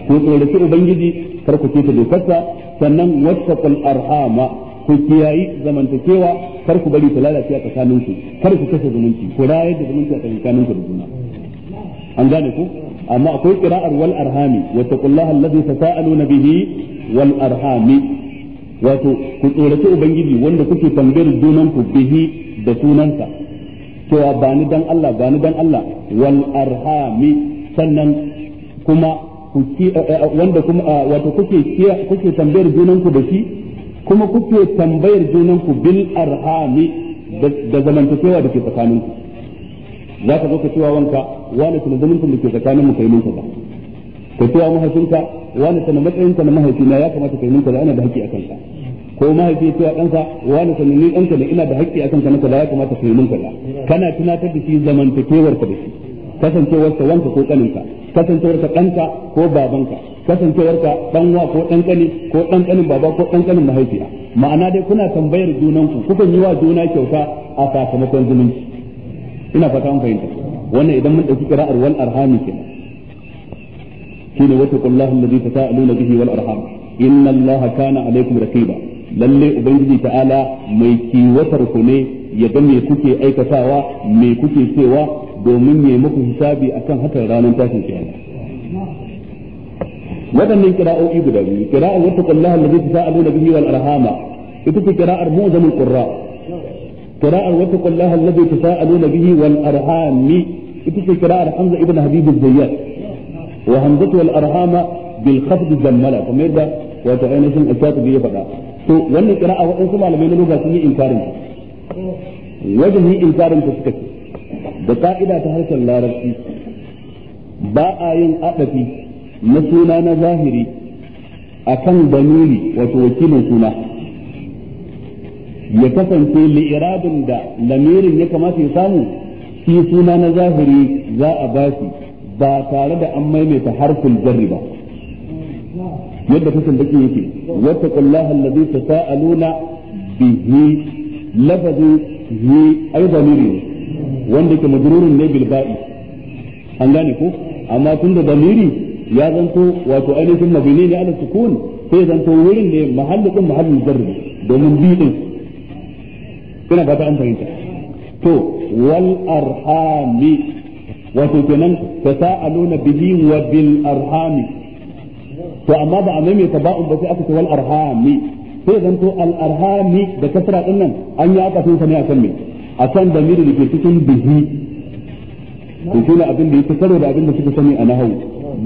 ku tsoraci ubangiji kar ku keta dokarsa sannan wattaqul arhama ku kiyayi zamantakewa kar ku bari ta lalace a tsakaninku kar ku kashe zumunci ku rayar da zumunci a tsakaninku da juna an gane ku amma akwai qira'ar wal arhami wa ta allazi tasaaluna bihi wal arhami wato ku tsorace ubangiji wanda kuke tambayar dunan ku bihi da sunanta cewa ba ni dan Allah ba ni dan Allah wal arhami sannan kuma ku eh, eh, eh, wanda kuma wato kuke kuke tambayar dunan ku da shi kuma kuke tambayar dunan ku bil arhami da zamantakewa da ke tsakaninku za ka zo ka cewa wanka wani tana zumuncin da ke tsakanin mu kai ba ka cewa mahaifinka wani tana matsayinka na mahaifina ya kamata kai ninka da ana da haƙƙi a kanka ko mahaifi cewa ɗansa wani tana ni ɗanka ne ina da haƙƙi a kanka na da ya kamata kai ninka da kana tunatar da shi zamantakewarka da shi kasancewarsa wanka ko ƙaninka kasancewarsa ɗanka ko babanka kasancewarka ɗan wa ko ɗan ƙani ko ɗan ƙanin baba ko ɗan ƙanin mahaifiya ma'ana dai kuna tambayar junanku kukan yi wa juna kyauta a sakamakon zumunci ina fata mun fahimta wannan idan mun dauki qira'ar wal arhami kenan shine wata kullahu allazi tasaaluna bihi wal arham inna allaha kana alaikum raqiba lalle ubangiji ta'ala mai kiwatar ku ne ya ga me kuke aikatawa me kuke cewa domin ya muku hisabi akan hakan ranar tashin kiyama waɗannan kira'o'i guda biyu kira'ar wata kullahu allazi tasaaluna bihi wal arhama ita ce kira'ar mu'jamul qurra' قراءة واتقوا الله الذي تساءلون به والأرحام اتسي قراءة حمزة ابن حبيب الزيات وهمزة والأرحام بالخفض جملة كما يبدأ وتعين اسم الكاتب يبقى تو وانا قراءة وانسوا على مين لغة سنة إنكارن وجهي إنكارن تسكت بقائدة تهرش الله ربي باء ين أقفي na suna na zahiri akan dalili wato wakilin suna ya kasance li'iradin da lamirin ya kamata ya samu shi suna na zahiri za a ba shi ba tare da an maimaita harful jarri ba yadda kasan dake yake wata kullaha allazi tasaaluna bihi lafazi hi ai zamiri wanda ke majrurun ne bil ba'i an gane ko amma tun da zamiri ya zanto wato ainihin mabini ne ala sukun sai zanto wurin ne mahallin mahallin jarri domin bi din ba ta an fahimta to wal arhami wato kenan tasaaluna bihi wa bil arhami to amma ba a maimaita ba'un ba sai aka ce wal arhami sai zanto al arhami da kasra din nan an yi aka tunsa ne akan me akan damiri da ke cikin bihi to shine abin da yake karo da abin da suka sani a nahawu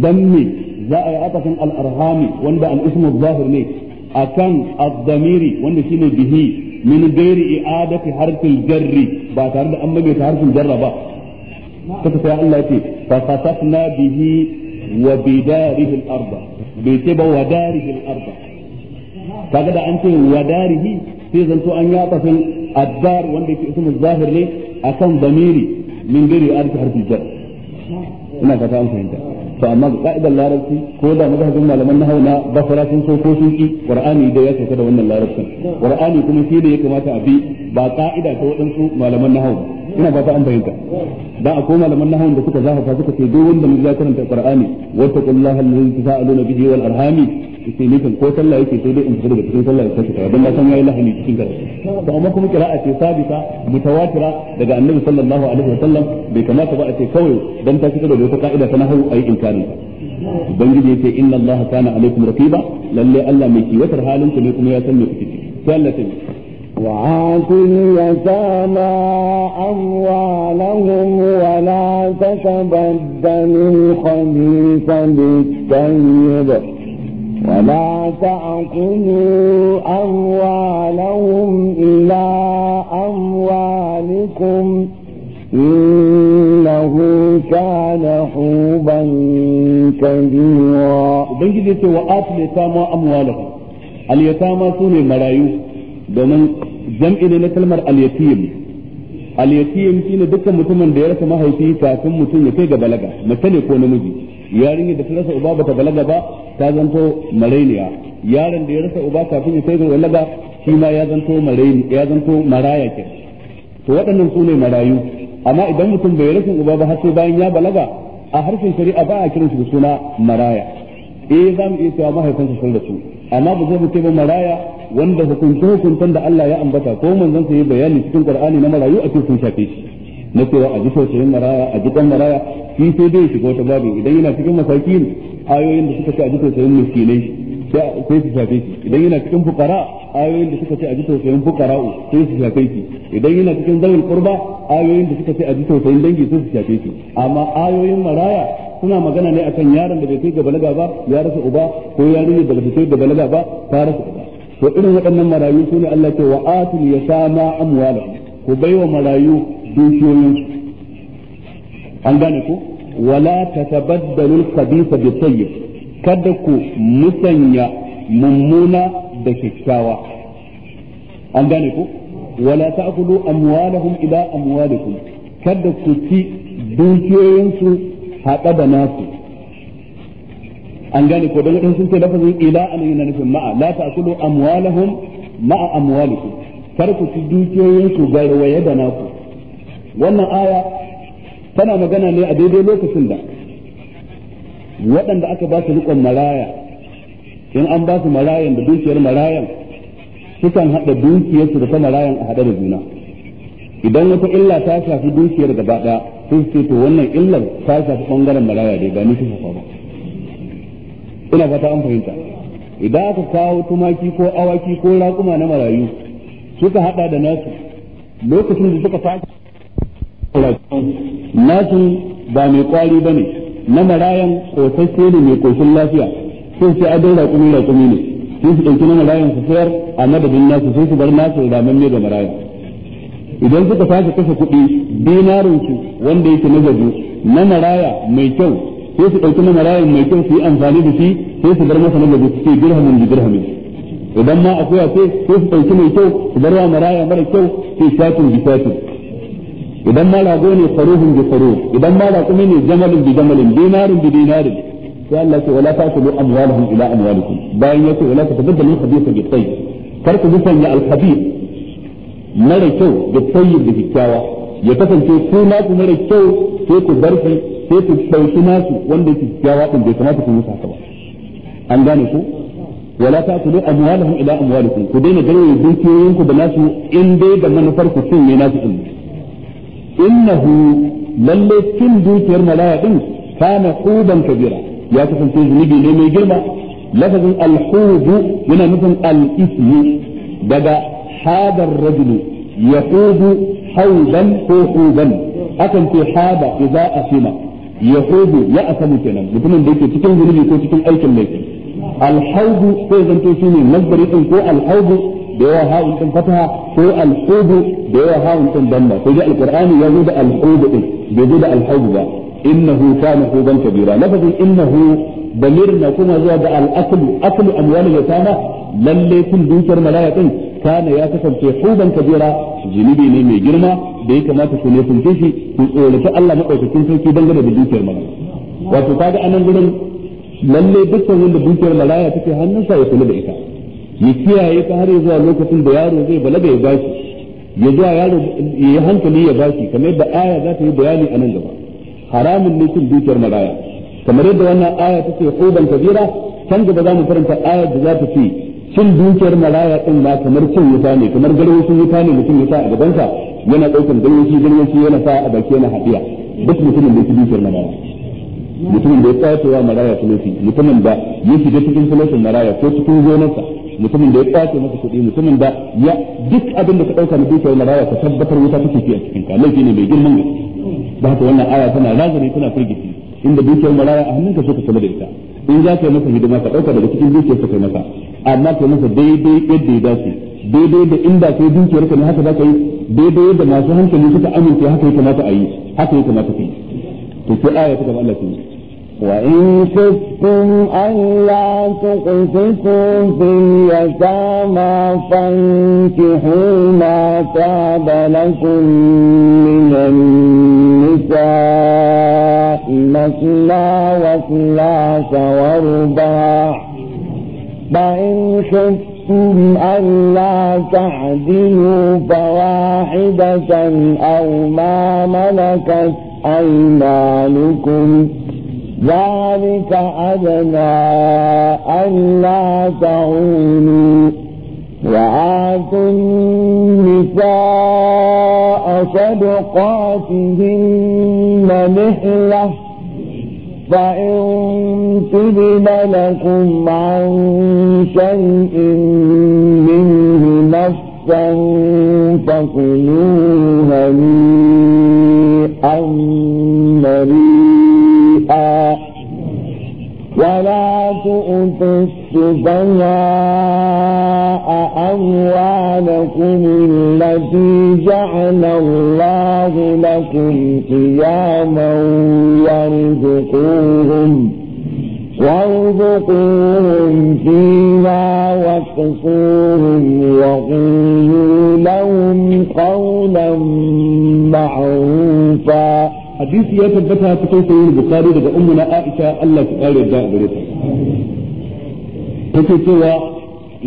dan me za a yi sun al arhami wanda al ismu zahir ne akan ad-damiri wanda shine bihi min gairi i'adati harfil jarri ba tare da an maimaita harfin jarra ba kaka sai Allah ya ce fa khasafna bihi wa bidarihi al-arda bai ce ba wa darihi al-arda kaga da an ce wa darihi sai zanto an yaba sun adar wanda yake ismu zahir ne akan zamiri min gairi i'adati harfil jarri ina fata an fahimta to amma ga ka'idar larabci ko da mazhabin malaman na hauna ba fara sun so ko sun ki qur'ani da ya sauka da wannan larabcin qur'ani kuma shi da ya kamata a bi ba ka'ida ta waɗansu malaman na hauna ina ba ta an bayyana da akwai malaman nahawun da suka zafafa suka ce duk wanda mun ya karanta qur'ani wa taqullaha allazi tasaaluna bihi wal arhami sai ni kan ko sallah yake sai dai in fita daga cikin sallah da take dan san yayi lahani cikin karatu to amma kuma qira'a ce sabita mutawatira daga annabi sallallahu alaihi wa sallam bai kamata ba a ce kawai dan ta fita da wata ka'ida ta nahawu ayi inkarin ubangiji yace inna allaha kana alaikum raqiba lalle allah mai kiwatar halin ku ne kuma ya san me kuke ciki sai Allah ta وآتوا اليتامى أموالهم ولا تتبدلوا الخبيث بالطيب ولا تأكلوا أموالهم إلى أموالكم إنه كان حوبا كبيرا بنجد وآتوا اليتامى أموالهم اليتامى سوني مرايو domin jam'i ne na kalmar al-yatim al-yatim shine dukkan mutumin da ya rasa mahaifi kafin mutum ya kai ga balaga mace ne ko namiji yarinya da ta rasa uba bata balaga ba ta zanto marainiya yaron da ya rasa uba kafin ya kai ga balaga shi ma ya zanto maraini ya zanto maraya ke to waɗannan su ne marayu amma idan mutum bai rasa uba ba har sai bayan ya balaga a harshen shari'a ba a kiran shi da suna maraya eh za mu iya cewa mahaifansa sun rasu amma ba zai mu ba maraya wanda hukunce hukuntan da Allah ya ambata ko manzon sa yi bayani cikin Qur'ani na marayu a cikin shafe shi na cewa a ji tausayin maraya a ji kan maraya shi sai dai shiga wata babu idan yana cikin masakin ayoyin da suka ce a ji tausayin miskinai sai su shafe shi idan yana cikin fukara ayoyin da suka ce a ji tausayin fukara'u sai su shafe shi idan yana cikin zawil qurba ayoyin da suka ce a ji tausayin dangi sai su shafe shi amma ayoyin maraya suna magana ne akan yaron da bai kai ga balaga ba ya rasa uba ko yarinyar da ba ta kai ga balaga ba ta rasa uba to irin waɗannan marayu sune Allah ce wa atul yatama amwala ku baiwa marayu dukiyoyin an gane ku wala tatabaddalu al-khabitha bi tayyib kada ku musanya mummuna da kyakkyawa an gane ku wala ta'kulu amwalahum ila amwalikum kada ku ci su haɗa da nasu an gane ko don wadansu sun ce lafazin ila an yana nufin ma'a la ta'kulu amwalahum ma'a amwalikum kar ku ci dukiyoyin su garwaye da naku wannan aya tana magana ne a daidai lokacin da waɗanda aka ba su riƙon maraya in an ba su marayan da dukiyar marayan sukan haɗa dukiyarsu da ta marayan a haɗe da juna idan wata illa ta shafi dukiyar gaba ɗaya sun ce to wannan illar ta shafi ɓangaren maraya dai ba ni ta ba ina fata an fahimta idan aka kawo tumaki ko awaki ko raƙuma na marayu suka hada da nasu lokacin da suka fata. nasu ba mai kwari ba ne na marayan kotasse ne mai koshin lafiya sun sai adon raƙumi raƙumi ne sun su ɗauki na marayan su sayar a madadin nasu sun su bar nasu ramin ga marayan idan suka tashi kashe kuɗi dinarin su wanda yake na gado na maraya mai kyau sai su ɗauki na marayan mai kyau su yi amfani da shi sai su bar masa na gaba su ce dirhamin da dirhamin idan ma akwai akwai sai su ɗauki mai kyau su bar wa maraya mara kyau sai shatin bi shatin idan ma rago ne faruhun bi faruh idan ma raƙumi ne jamalin bi jamalin dinarin bi dinarin sai Allah ce wala ta'kulu amwalahum ila amwalikum bayan yace wala tatabaddalu khabitha bi tayyib kar ku musanya al-khabith mara kyau da tayyib da kyakkyawa ya kasance ku na ku mara kyau sai ku bar shi sai ku ɗauki nasu wanda yake kyakkyawa ɗin bai kamata ku musu haka ba an gane ku wala ta ku dai amwalahum ila amwalikum ku daina garwaye dukiyoyin ku da nasu in dai da manufar ku sun ne nasu din innahu lalle cin dukiyar malaya din kana quban kabira ya kasance zunubi ne mai girma lafazin alhubu yana nufin al-ismi daga hadar rajulu yahudu hauban ko huban akan ce hada idza asima yahudu ya asamu kenan mutumin da yake cikin zunubi ko cikin aikin laifi alhaudu sai zanto shi ne masdari din ko alhaudu da yawa ha'un din fataha ko alhudu da yawa ha'un din damma ko dai alqur'ani ya zo da alhudu din bai zo da alhaudu ba innahu kana hudan kabira lafazin innahu damir na kuma zuwa da al-aklu aklu amwalil yatama lalle kun dukiyar mala'ikin kana ya kasance hudan kabira zunubi ne mai girma da ya kamata su ne sun shi ku tsorata Allah madaukakin sarki dangane da dukiyar mara wato kaga anan gudun lalle dukkan wanda dukiyar malaya take hannunsa ya kula da ita ya kiyaye ta har zuwa lokacin da yaro zai balaga ya bashi ya zuwa yaro ya hankali ya bashi kamar yadda aya za ta yi bayani a nan gaba haramun ne cin dukiyar malaya kamar yadda wannan aya take hudan kabira can gaba za mu karanta aya da za ta ce shin dukiyar malaya din ba kamar cin wuta ne kamar garwashi wuta ne mutum ya sa a gabansa yana ɗaukar garwashi garwashi yana sa a baki yana haɗiya duk mutumin da ya fi dukiyar malaya mutumin da ya kwace wa maraya tulofi mutumin da ya shiga cikin tulofin malaya ko cikin gonarsa mutumin da ya tsaya masa kuɗi mutumin da ya duk abin da ka ɗauka na dukiyar malaya ka tabbatar wuta take fi a cikin ka laifi ne mai girman ne ba haka wannan aya tana razari tana firgiti inda dukiyar malaya a hannunka so ka kula da ita in za ka yi masa hidima ka ɗauka daga cikin dukiyar ka kai masa amma ka masa daidai yadda ya dace daidai da inda kai dukiyar ka ne haka za ka yi daidai yadda masu hankali suka amince haka ya kamata a yi haka ya kamata ka yi to sai aya ta gaba Allah ta yi وإن خفتم ألا تقسطوا في اليتامى فانكحوا ما تاب لكم من النساء مثنى وثلاث ورباع فإن خفتم ألا تعدلوا فواحدة أو ما ملكت أيمانكم ذلك أدنى ألا تعولوا وآتوا النساء صدقاتهن مهلة فإن تبن لكم عن شيء منه نفسا فكلوه هنيئا مريئا ولا تؤتوا سفهاء أموالكم التي جعل الله لكم قياما وارزقوهم وارزقوهم فيها واكسوهم وقولوا لهم قولا معروفا حديث يا تبتها في البخاري لدى أمنا عائشة الله تعالى جاء بريطانيا take cewa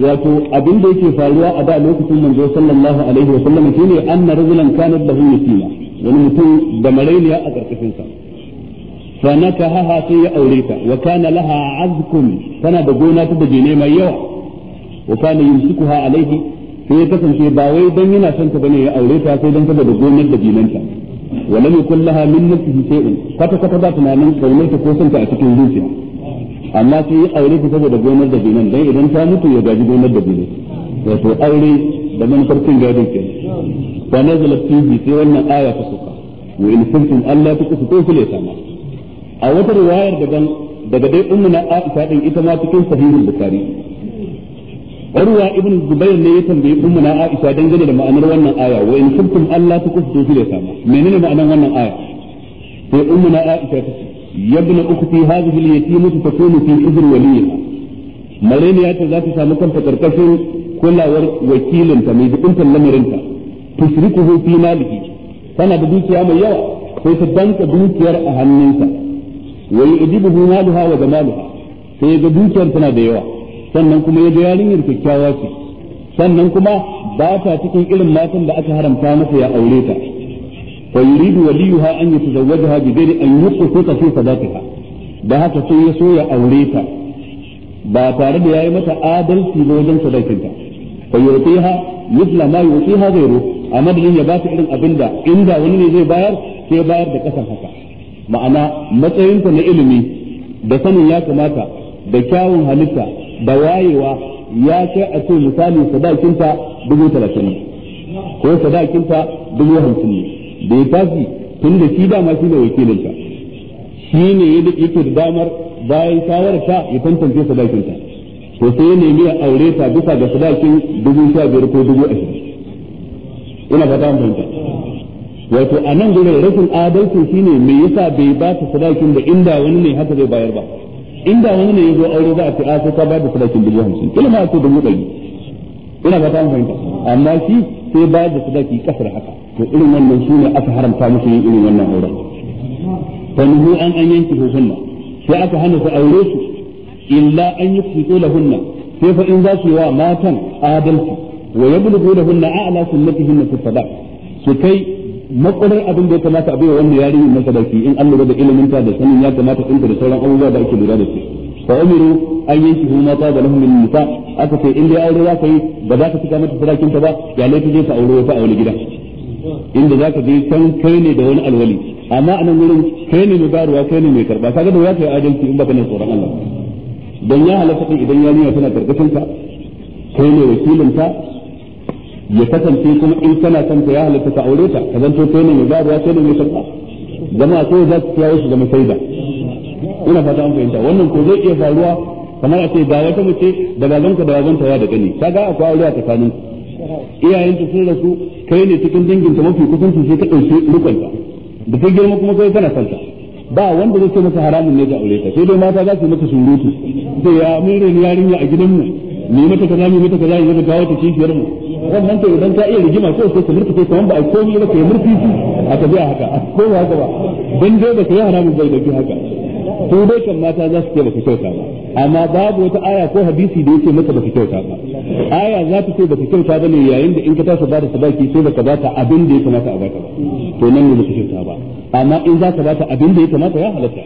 wato abin da yake faruwa a da lokacin manzo sallallahu alaihi wa sallam shine anna rajulan kana lahu yasila wani mutum da marailiya a karkashin sa fa haha sai ya aure ta wa kana laha azkun tana da gona ta da jene mai yawa wa kana yumsikuha alaihi sai ya kasance ba wai dan yana son ta bane ya aure ta sai dan da gonar da jinanta wa lam yakul laha min nafsihi shay'un kwata kwata ba tunanin kaunarta ko son ta a cikin zuciya amma sai ya aure ku saboda gonar da binan dan idan ta mutu ya gaji gonar da binan wato aure da manufar cin gadon ke fa nazala fihi sai wannan aya ta suka wa in kuntum alla tuqsitu fil yatama a wata riwayar daban daga dai ummuna Aisha din ita ma cikin sahihul bukhari Urwa ibn Zubair ne ya tambayi ummuna Aisha dangane da ma'anar wannan aya wa in kuntum alla tuqsitu fil yatama menene ma'anar wannan aya sai ummuna Aisha ta ce ya ibn ukhti hadhihi al-yatimatu takunu fi ibn waliha mareniya ta za ta samu kanta karkashin kulawar wakilinta mai jikuntan lamarinta tushrikuhu fi malihi tana da dukiya mai yawa sai ta danka dukiyar a hannunsa wa yu'jibuhu maluha wa jamaluha sai ga dukiyar tana da yawa sannan kuma ya ga yarinyar kyakkyawa ce sannan kuma ba ta cikin irin matan da aka haramta masa ya aure ta wa waliyu waliyuha an yatazawwajaha bi ghairi an yuqsita fi sadaqatiha da haka sai ya soya ya aure ta ba tare da ya yi mata adalci ba wajen sadakinta fa yutiha mithla ma yutiha ghairu a madadin ya ba ta irin abinda inda wani ne zai bayar sai bayar da kasan haka ma'ana matsayinta na ilimi da sanin ya kamata da kyawun halitta da wayewa ya kai a ce misali sadakinta dubu talatin ko sadakinta dubu hamsin ne da ya tashi tun da shi dama shi ne wakilinsa shi ne yake da damar bayan shawararsa ya tantance sadakinsa to sai ya nemi a aure ta bisa ga sadakin dubu sha biyar ko dubu ashirin ina fata an fahimta wato a nan gurin rashin adalci shine mai yasa bai ba ta sadakin da inda wani ne haka zai bayar ba inda wani ne ya zo aure za a ce a sai ka ba da sadakin dubu hamsin kila ma a ce dubu ɗari ina fata an fahimta amma shi sai bada da sadaki kasar haka to irin wannan su ne aka haramta musu yin irin wannan aure. fa nuhu an an yanki hunna sai aka hana su aure su illa an da lahunna sai fa in za su yi wa matan adalci wa yablughu lahunna a'la sunnatihinna fi sadaq su kai makwarar abin da ya kamata a bai wa wanda yarinyar na sadaki in an lura da ilimin ta da sanin ya kamata ɗinta da sauran abubuwa da ake lura da su fa umiru an yankihu ma ta lahum nisa aka ce in dai aure za ka yi ba za ka tuka mata sadakin ta ba ya laifi zai sa aure wata a wani gida inda za ka je can kai ne da wani alwali amma a nan wurin kai ne mai bayarwa kai ne mai karba kaga da ya kai adalci in baka nan tsoron Allah dan ya halatta idan ya nuna tana karkashin ka kai ne su ta ya kuma in son ta ya ka aure ta kai ne kai ne za ki ina fata an fahimta wannan ko zai iya faruwa kamar a ce ga wata mace da babanka da babanka ya da gani ga akwai aure a tsakanin iyayen ta sun rasu kai ne cikin ta mafi kusanci sai ta ɗauki rukunta da ta girma kuma kai kana santa ba wanda zai ce masa haramun ne ga aure ta sai dai mata za su maka surutu sai ya mun reni yarinya a gidanmu ne mata kaza ne mata kaza ne mata gawo ta kishiyar mu wannan ta idan ta iya rigima ko sai ka murta kai kaman ba a komai ba kai murfi a tabi haka a ko haka ba dan dai ka yi haramun bai da haka ko dai kan mata za su ce baka kyauta ba amma babu wata aya ko hadisi da yake maka baka kyauta ba aya za ta ce baka kyauta ba ne yayin da in ka tashi ba da sadaki sai baka ba ta abin da ya kamata a baka ba to nan ne baka kyauta ba amma in za ka ba ta abin da ya kamata ya halatta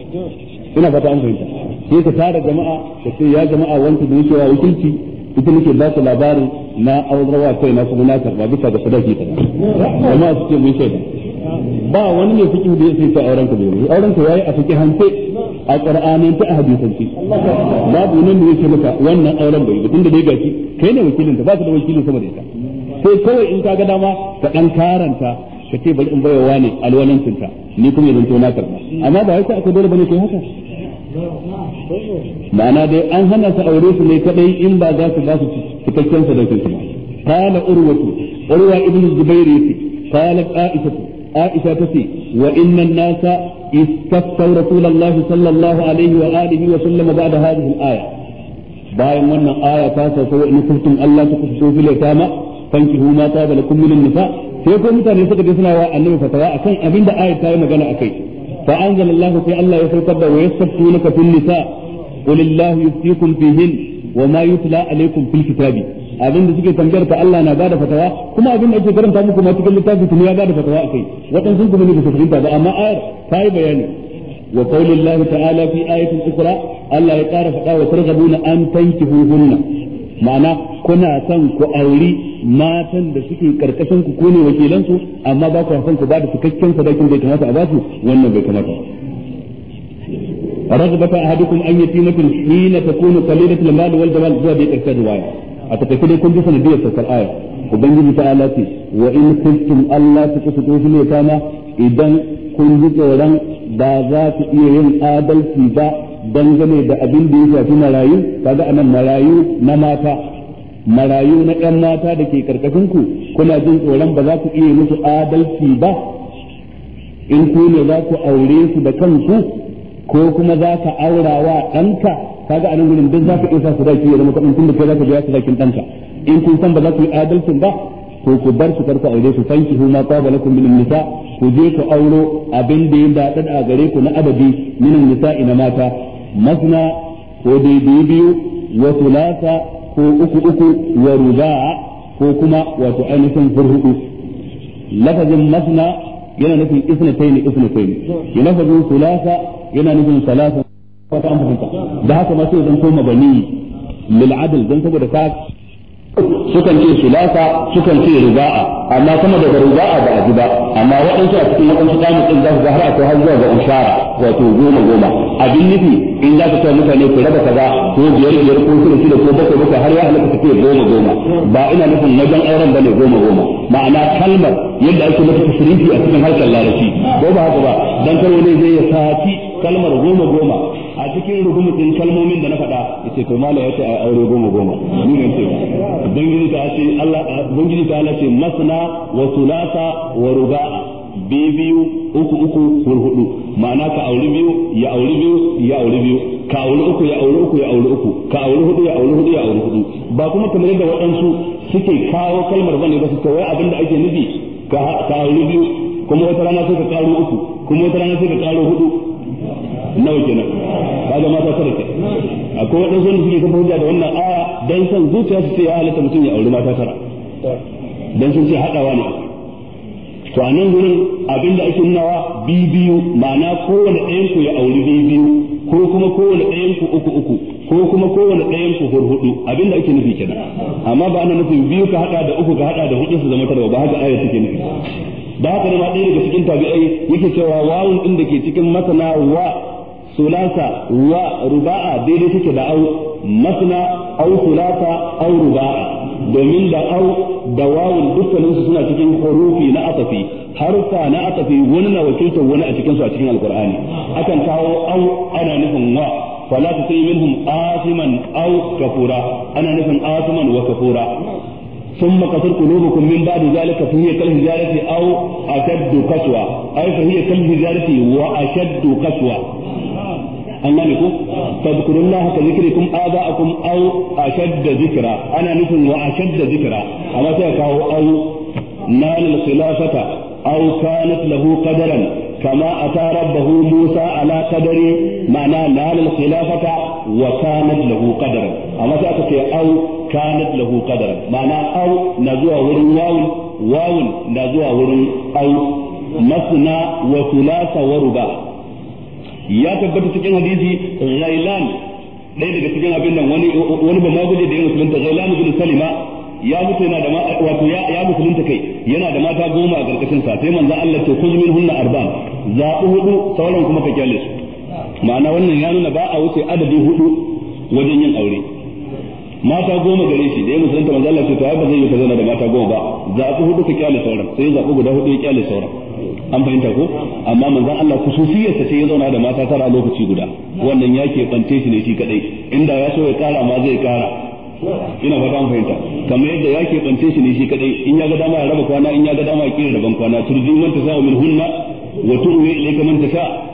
ina fata an fahimta sai ka tara jama'a ka ce ya jama'a wanda da yake wa wakilci ita nake ba ta labarin na aurawa kai na kuma na karba bisa ga sadaki ta jama'a su ce mun shaida ba wani ne fikin da ya sai ta auren ka bai auren ka yayi a fikin hanse. a qur'anin ta hadisanci babu nan da yake maka wannan auren bai ba tunda dai gashi kai ne wakilin ta ba ka da wakilin sama da ita sai kawai in ka ga dama ka dan karanta ka ce bari in baiwa ne alwalancin ta ni kuma yanzu na karba amma ba wai sai aka dole bane kai haka ma'ana dai an hana su aure su ne kadai in ba za su ba su cikakken sadakin su ba kana urwatu urwa ibnu zubairi yace قالت عائشة عائشة تسي وإن الناس استفتوا رسول الله صلى الله عليه وآله وسلم بعد هذه الآية bayan wannan aya ta sauka in kuntum Allah ta kusu fil yatama fankihu ma nisa sai ko mutane suka je suna wa annabi fatawa akan abinda aya ta yi magana akai fa anzalallahu sai Allah ya saukar da wayastaftunaka fil nisa qul illahu yuftikum fihin wa ma yutla alaykum fil kitabi abin da suke tambayar ta Allah na bada fatawa kuma abin da ake karanta muku ma cikin littafi kuma ya bada fatawa akai waɗansu kuma ne ba su fahimta ba amma ayar ta yi bayani wa qaulillahi ta'ala fi ayatin ukra Allah ya ƙara faɗa wa targhabuna an tankihuhunna ma'ana kuna son ku auri matan da suke karkashin ku ne wakilan su amma ba ku son ku ba da cikakken sadakin da ya kamata a ba su wannan bai kamata رغبة أحدكم أن يتيمة حين تكون قليلة المال والجمال زوا بيت الرواية a tafi dai kun ji sanadiyar saukar aya ubangiji ta alati wa in kuntum allah ta fi ne kama idan kun ji tsoron ba za ku iya yin adalci ba dangane da abin da ya shafi marayu kaga anan marayu na mata marayu na ƴan mata da ke karkashin ku kuna jin tsoron ba za ku iya musu adalci ba in ku ne za ku aure su da kanku ko kuma za ka aura wa ɗanka kaga anan gurin duk zaka iya sa sadaki ya zama kudin tunda kai zaka biya sadakin danka in kun san ba za ku yi adalcin ba to ku bar su karku aure su fanki hu ma qaba lakum min nisa ku je ku auro abin da ya dada a gare ku na abadi min nisa ina mata masna ko daidai biyu wa thulatha ko uku uku wa ruba'a ko kuma wato ainihin furhudu lafazin masna yana nufin isnatayn isnatayn yana nufin thulatha yana nufin salasa ko ta amfani da haka ma sai zan koma bani lil adl dan ka sukan ce sulasa sukan ce ruba'a amma kuma daga ruba'a ba a ji ba amma waɗansu a cikin waɗansu kamun din za su zahara ko har zuwa ga ushara wato goma goma abin nufi in za ka ce mutane ku raba kaza ko biyar biyar ko shida shida ko bakwai bakwai har ya halaka su ce goma goma ba ina nufin wajen auren ba ne goma goma ma'ana kalmar yadda ake mata tasirifi a cikin harkar larabci ko ba haka ba dan kar wani zai ya sati kalmar goma goma a cikin rubutun kalmomin da na faɗa ita to mala yace ai aure goma goma ni ne ce bangiji ta ce Allah bangiji ta Allah ce masna wa sulasa wa ruba'a biyu uku uku hudu ma'ana ka auri biyu ya auri biyu ya auri biyu ka auri uku ya auri uku ya auri uku ka auri hudu ya auri hudu ya auri hudu ba kuma kamar yadda waɗansu suke kawo kalmar bane ba su kawai abin da ake nufi ka auri biyu kuma wata rana sai ka karo uku kuma wata rana sai ka karo hudu nawa kenan da mata tara ke akwai waɗansu wanda suke kafa hujja da wannan aya dan san zuciya su ce ya halatta mutum ya auri mata tara dan sun ce haɗawa ne to a nan gurin abinda ake nawa biyu ma'ana kowane ɗayan ku ya auri biyu ko kuma kowane ɗayan ku uku uku ko kuma kowane ɗayan ku hurhudu abinda ake nufi kenan amma ba ana nufin biyu ka hada da uku ka hada da hudu su zama tarwa ba haka ayar take nufi da haka ne ma ɗaya daga cikin tabi'ai yake cewa wawun din da ke cikin masana wa sulasa wa ruba'a daidai take da au masna au sulasa au ruba'a domin da au da wawun dukkanin suna cikin hurufi na asafi harfa na asafi wani na wakiltar wani a cikin a cikin alqur'ani akan kawo au ana nufin wa fala tusi minhum asiman au ana nufin wa ثم قصر قلوبكم من بعد ذلك فهي كالهجارة أو أشد قسوة أي فهي كالهجارة وأشد قسوة an gane ko fadkurullaha ka zikrikum aba'akum aw ashadda zikra ana nufin wa ashadda zikra amma sai kawo aw nal khilafata aw kanat lahu qadaran kama ata rabbahu musa ala qadari ma'ana nal khilafata wa kanat lahu qadaran amma sai aka ce aw kanat lahu qadaran ma'ana aw na zuwa wurin wawun wawun na zuwa wurin aw masna wa thulatha wa ruba' ya tabbata cikin hadisi Ghailan ɗaya daga cikin abin nan wani wani ba maguje da ya musulunta Ghailan bin Salima ya mutu yana da wato ya ya musulunta kai yana da mata goma a karkashin sa sai manzo Allah ce kuzu min hunna arba'an zabu hudu sauran kuma ka kyale su ma'ana wannan ya nuna ba a wuce adadi hudu wajen yin aure mata goma gare shi da ya musulunta manzo Allah ce to ba zai yi ka zauna da mata goma ba zaɓi hudu ka kyale sauran sai zaɓi guda hudu ya kyale sauran an fahimta ko amma manzan Allah kususiyarsa ce ya zauna da mata tara a lokaci guda wannan ya ke shi ne shi kadai inda ya so ya kara ma zai kara ina fata an fahimta kamar yadda ya ke bance shi ne shi kadai in ya ga dama ya raba kwana in ya ga dama ya kira daban kwana turjin wanta ta min hunna wa tu'mi ilayka man tasha'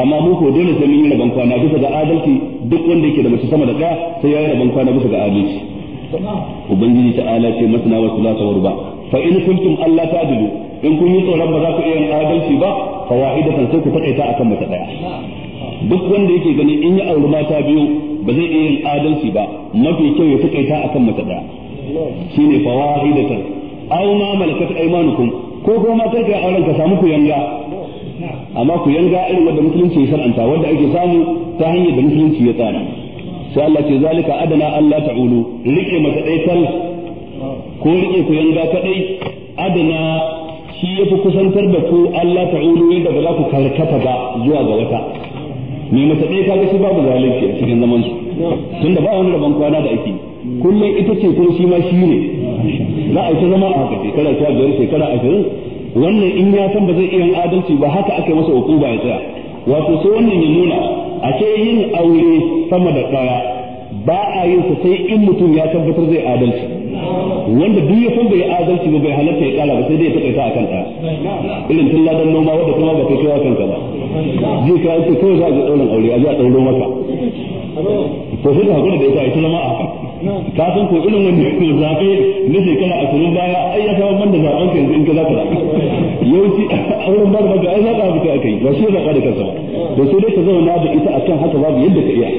amma mu ko dole sai mun yi rabon kwana bisa ga adalci duk wanda yake da mace sama da ɗaya sai ya yi rabon kwana bisa ga adalci ubangiji ta ala ce masana wa sulata wa ruba fa in kuntum alla ta'dilu in kun yi tsoron ba za ku iya yin adalci ba fa wa'idatan sai ku takaita akan mace ɗaya duk wanda yake gani in ya auri mata biyu ba zai iya yin adalci ba mafi kyau ya takaita akan mace ɗaya shine fa wahidatan aw ma malakat aymanukum ko kuma matar ka auren ka samu ku yanga amma ku yanga irin wanda musulunci ya shar'anta wanda ake samu ta hanyar da musulunci ya tsara sai Allah ce zalika adana Allah ta'ulu rike maka dai tal ko rike ku yanga kadai adana shi yafi kusantar da ku Allah ta'ulu yadda ba za ku karkata ba zuwa ga wata me mata dai kaga shi babu zalunci a cikin zaman su tunda ba wani rabon kwana da ake kullum ita ce kuma shi ma shi ne za a ita zama a haka shekara sha biyar shekara ashirin wannan in ya san ba zai iya adalci ba haka ake masa hukuma ya tsaya wato sai wannan ya nuna a ce yin aure sama da ɗaya ba a yin sa sai in mutum ya tabbatar zai adalci wanda duk ya san bai adalci ba bai halarta ya kala ba sai dai ya takaita kan ɗaya irin tun ladan noma wanda kuma ba kai a kanka ba zai kawo ta kawai za a ga ɗaurin aure a ji a ɗaurin maka to sai ka hakuri da ita a yi tunama a ka san ko irin wanda ko zabe na shekara ashirin baya ai ya samu banda da zaben ka yanzu in ka zaka yawanci auren ba da ai zaka mutu kai ba shi zaka da kansa da sai dai ka zauna da ita akan haka babu yadda ka iya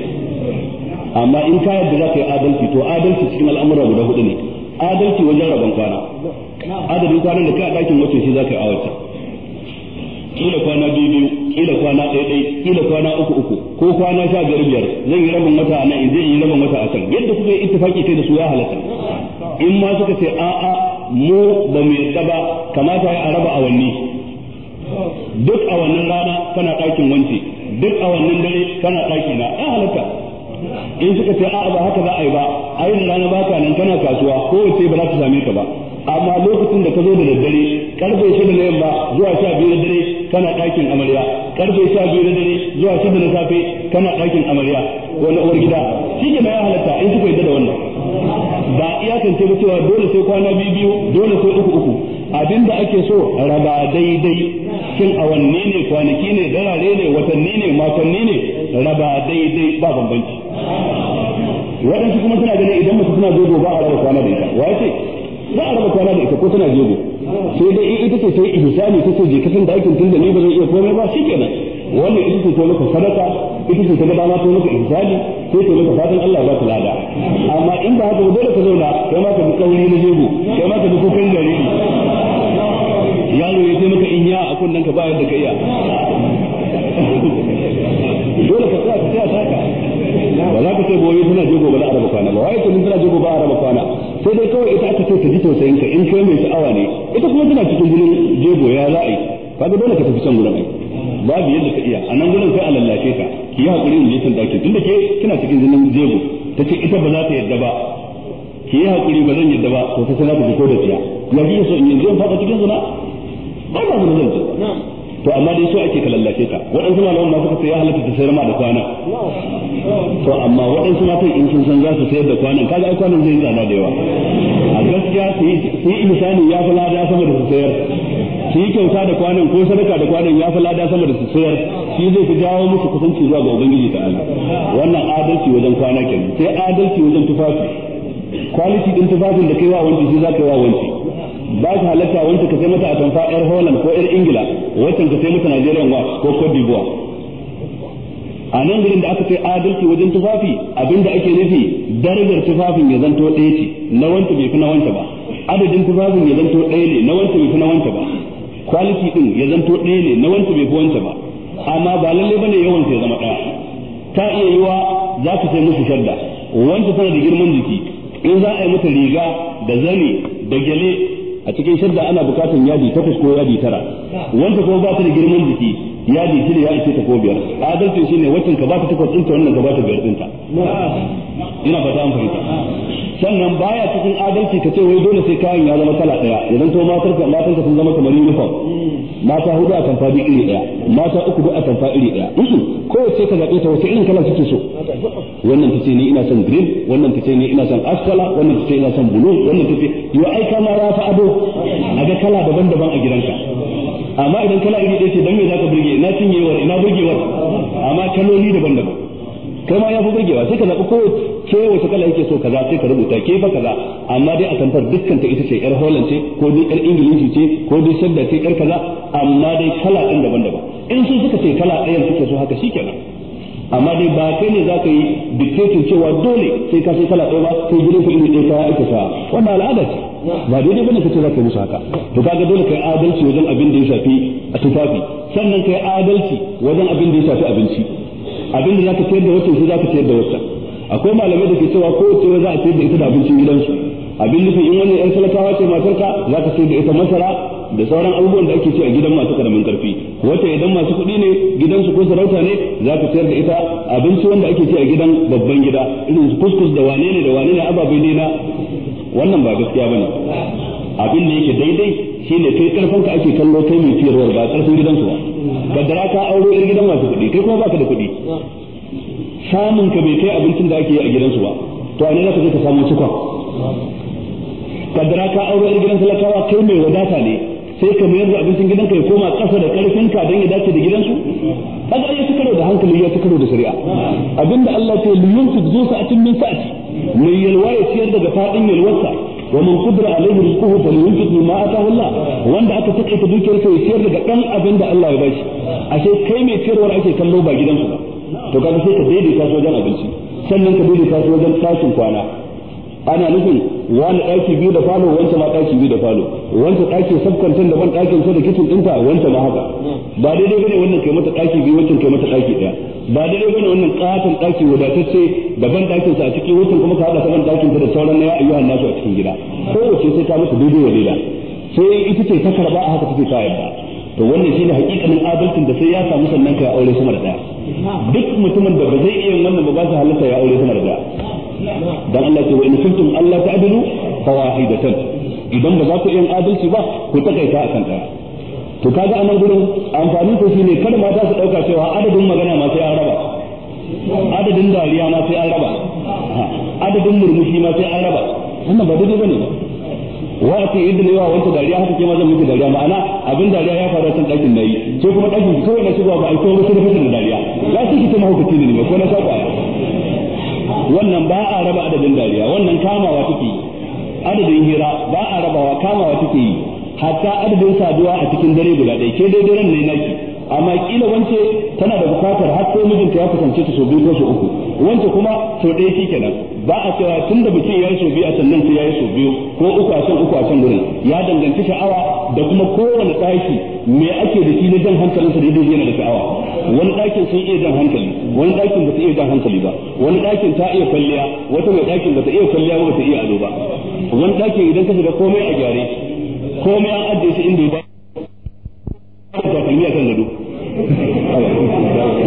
amma in ka yadda zaka yi adalci to adalci cikin al'amura guda hudu ne adalci wajen rabon kwana adadin kwanan da ka a dakin wace shi zaka yi awarta wata kwana biyu biyu kila kwana ɗaya ɗaya kila kwana uku uku ko kwana sha biyar biyar zan yi rabin wata a nan in je in yi rabin wata a can yadda kuka yi ittifaki kai da su ya halatta in ma suka ce a'a mu ba mu yadda ba kamata a raba awanni duk a wannan rana kana ɗakin wance duk a wannan dare kana ɗaki na ya halatta in suka ce a'a ba haka za a yi ba a yin rana ka nan kana kasuwa ko wace ba za ta same ka ba amma lokacin da ka zo da daddare karfe shida na yamma zuwa sha biyu na dare kana ɗakin amarya karfe sha biyu na dare zuwa shida na safe kana ɗakin amarya Wani uwar gida shi ke na ya halatta in suka yadda da wannan ba kan ce cewa dole sai kwana biyu biyu dole sai uku uku Abin da ake so raba daidai cin awanni ne kwanaki ne darare ne watanni ne makonni ne raba daidai ba bambanci waɗansu kuma suna ganin idan mutum suna zogo ba a raba kwana da ita wa ce za a raba kwana da ita ko suna zogo sai dai in ita ce ta yi ihsani ta ce je kasan da aikin tun da ni ba zai iya komai ba shikenan wannan ita ce ta maka sadaka ita ce ta ga dama ta maka ihsani sai ta maka fatan Allah ba ta lada amma in ba haka ba dole ka zauna kai ma ka bi kauri na jego kai ma ka bi kokarin gari yaro ya sai maka in ya a kunnen ka ba yadda ka iya dole ka tsaya ka tsaya saka ba za ka ce goyi suna jego ba na a kwana ba wai kullum suna jego ba a kwana sai dai kawai ita aka ce ta ji tausayin ka in kai mai sha'awa ne ita kuma tana cikin jinin jego ya za a kaga dole ka tafi can gurin ai babu yadda ka iya a nan gurin sai a lallace ka ki yi hakuri in je can dakin tunda ke kina cikin jinin jego ta ce ita ba za ta yadda ba ki yi hakuri ba zan yadda ba to sai na ta ko da tiya ya ji so in je in faɗa cikin zina ba ba mu zan ce to amma dai so ake ka lallace ta waɗansu malaman ma suka ce ya halatta ta sayar ma da kwana to amma waɗansu matan in sun san za su sayar da kwanan kaga ai kwanan zai yi tsada da yawa a gaskiya su yi misali ya fi lada sama da su sayar su yi kyauta da kwanan ko sadaka da kwanan ya fi lada sama da su sayar shi zai fi jawo musu kusanci zuwa ga ubangiji ta Allah wannan adalci wajen kwana kenan sai adalci wajen tufafi kwaliti din tufafin da kai wa wanci shi za ka yi wa wanci ba su halatta wancan ka sai mata a tamfa yar Holland ko yar Ingila wancan ka sai mata Najeriya wa ko Cote d'Ivoire a nan gurin da aka sai adalci wajen tufafi abinda ake nufi darajar tufafin ya zanto ɗaya ce na wanta bai fi na wanta ba adadin tufafin ya zanto ɗaya ne na wanta bai fi na wanta ba quality din ya zanto ɗaya ne na wanta bai fi wanta ba amma ba lalle bane yawan sai zama ɗaya ta iya yiwa za ka sai musu shadda wanta tana da girman jiki in za a yi mata riga da zani da gyale a cikin shadda ana bukatan yadi takwas ko yadi tara wanda kuma ba ta da girman jiki ya ji shi ya ishe ta ko biyar adalci shine wacce ka ba ta takwas ɗinta wannan ka ba ta biyar ɗinta ina fata an fahimta sannan baya cikin adalci ka ce wai dole sai kayan ya zama kala ɗaya idan to matar ka matan ka sun zama kamar uniform mata hudu a tamfa iri ɗaya mata uku duk a kamfa iri ɗaya uku kowace ka zaɓe ta wace irin kala kike so wannan ta ce ni ina son green wannan ta ce ni ina son askala wannan ta ce ina son blue wannan ta ce yo ai kana rafa ado a ga kala daban-daban a gidanka amma idan kala iri ɗaya ce dan me zaka burge ina cinyewar ina burgewar amma kaloli daban-daban kai ma ya fi burgewa sai ka zaɓi ko ke wace kala yake so kaza sai ka rubuta ke fa kaza amma dai a tantar dukkan ta ita ce yar holland ce ko dai yar ingilishi ce ko dai shadda ce yar kaza amma dai kala ɗin daban-daban in sun suka ce kala ɗayan suke so haka shi kenan amma dai ba kai ne za ka yi dictating cewa dole sai ka sai kala ɗaya ba sai gidan ku iri ɗaya ka sa wannan al'ada ce ba daidai bane ka ce za ka yi musu haka to kaga dole ka yi adalci wajen abin da ya shafi a tufafi sannan kai adalci wajen abin da ya shafi abinci abin da zaka ciyar da wata shi zaka ciyar da wata akwai malamai da ke cewa kowace za a ciyar da ita da abincin gidansu abin nufi in wani yan talakawa ce matarka za ka ciyar da ita masara da sauran abubuwan da ake ci a gidan masu karamin karfi wata idan masu kuɗi ne gidansu ko sarauta ne za ka ciyar da ita abinci wanda ake ci a gidan babban gida irin kuskus da wane ne da wane ne ababai ne na wannan ba gaskiya bane abin da yake daidai shine kai karfin ka ake kallo kai mai ciyarwar ba karfin gidansu ba kaddara ka auro yar gidan masu kuɗi kai kuma baka da kuɗi samun ka bai kai abincin da ake yi a gidansu ba to a ne za ka je ka samu cikon kaddara ka auro yar gidan talakawa kai mai wadata ne sai ka mayar da abincin gidanka ya koma ƙasa da ƙarfin ka don ya dace da gidansu kaga ya tukaro da hankali ya tukaro da shari'a abinda Allah ce liyun su zo sa'atin min sa'ati mai yalwa ya ciyar daga fadin yalwarsa wa قدر عليه رزقه rizquhu مما mimma الله Allah wanda aka take ta dukiyar دا ya ciyar daga dan abin da Allah ya bashi ashe kai mai ciyarwar ake kallo ba سي ba to kaga sai ka daidaita abinci sannan ka daidaita su wajen tashin kwana ana nufin wani ɗaki biyu da falo wancan ma ɗaki biyu da falo wancan ɗaki sabkwantan da ban ɗakin sa da kicin ɗinta wancan ma haka ba daidai bane wannan kai mata ɗaki biyu wancan kai mata ɗaki ɗaya ba daidai bane wannan katon daki wadatacce da ban dakin sa a cikin wucin kuma ka hada ta dakin da sauran na ya ayyuhan nasu a cikin gida ko wace sai ta musu daidai wa daida sai ita ce ta karba a haka take ta yadda to wannan shine hakikanin adalcin da sai ya samu sannan ka aure sama da duk mutumin da ba zai iya wannan ba ba su halatta ya aure sama da dan Allah ce wa in kuntum Allah ta'dilu fawahidatan idan ba za ku yin adalci ba ku takaita akan ta. to kaga a nan gurin amfani ko shine kada mata su dauka cewa adadin magana ma sai an raba adadin dariya ma sai an raba adadin murmushi ma sai an raba wannan ba daidai bane wa ce idan yawa wanda dariya haka ke ma zan miki dariya ma'ana abin dariya ya fara cin dakin nayi sai kuma dakin ki kawai na shigo ba ai kawai sai da dariya ya ce ki ta mahaukaci ne ba ko na saka wannan ba a raba adadin dariya wannan kamawa take adadin hira ba a rabawa kamawa take yi hatta adadin saduwa a cikin dare guda ɗaya ke dai daren ne naki amma kila wance tana da bukatar har sai mijinta ya kasance ta sau biyu ko su uku wance kuma sau ɗaya shi kenan ba a cewa tun da mutum ya yi sau biyu a sannan sai ya yi sau biyu ko uku a can uku a can gurin ya danganci sha'awa da kuma kowane ɗaki me ake da shi na jan hankalinsa da yana da sha'awa wani ɗakin sun iya jan hankali wani ɗakin ba ta iya jan hankali ba wani ɗakin ta iya kwalliya wata mai ɗakin ba ta iya kwalliya ba ta iya ado ba wani ɗakin idan ka shiga komai a gyare komai an ajiye shi inda ya ba da takalmi a kan gado ko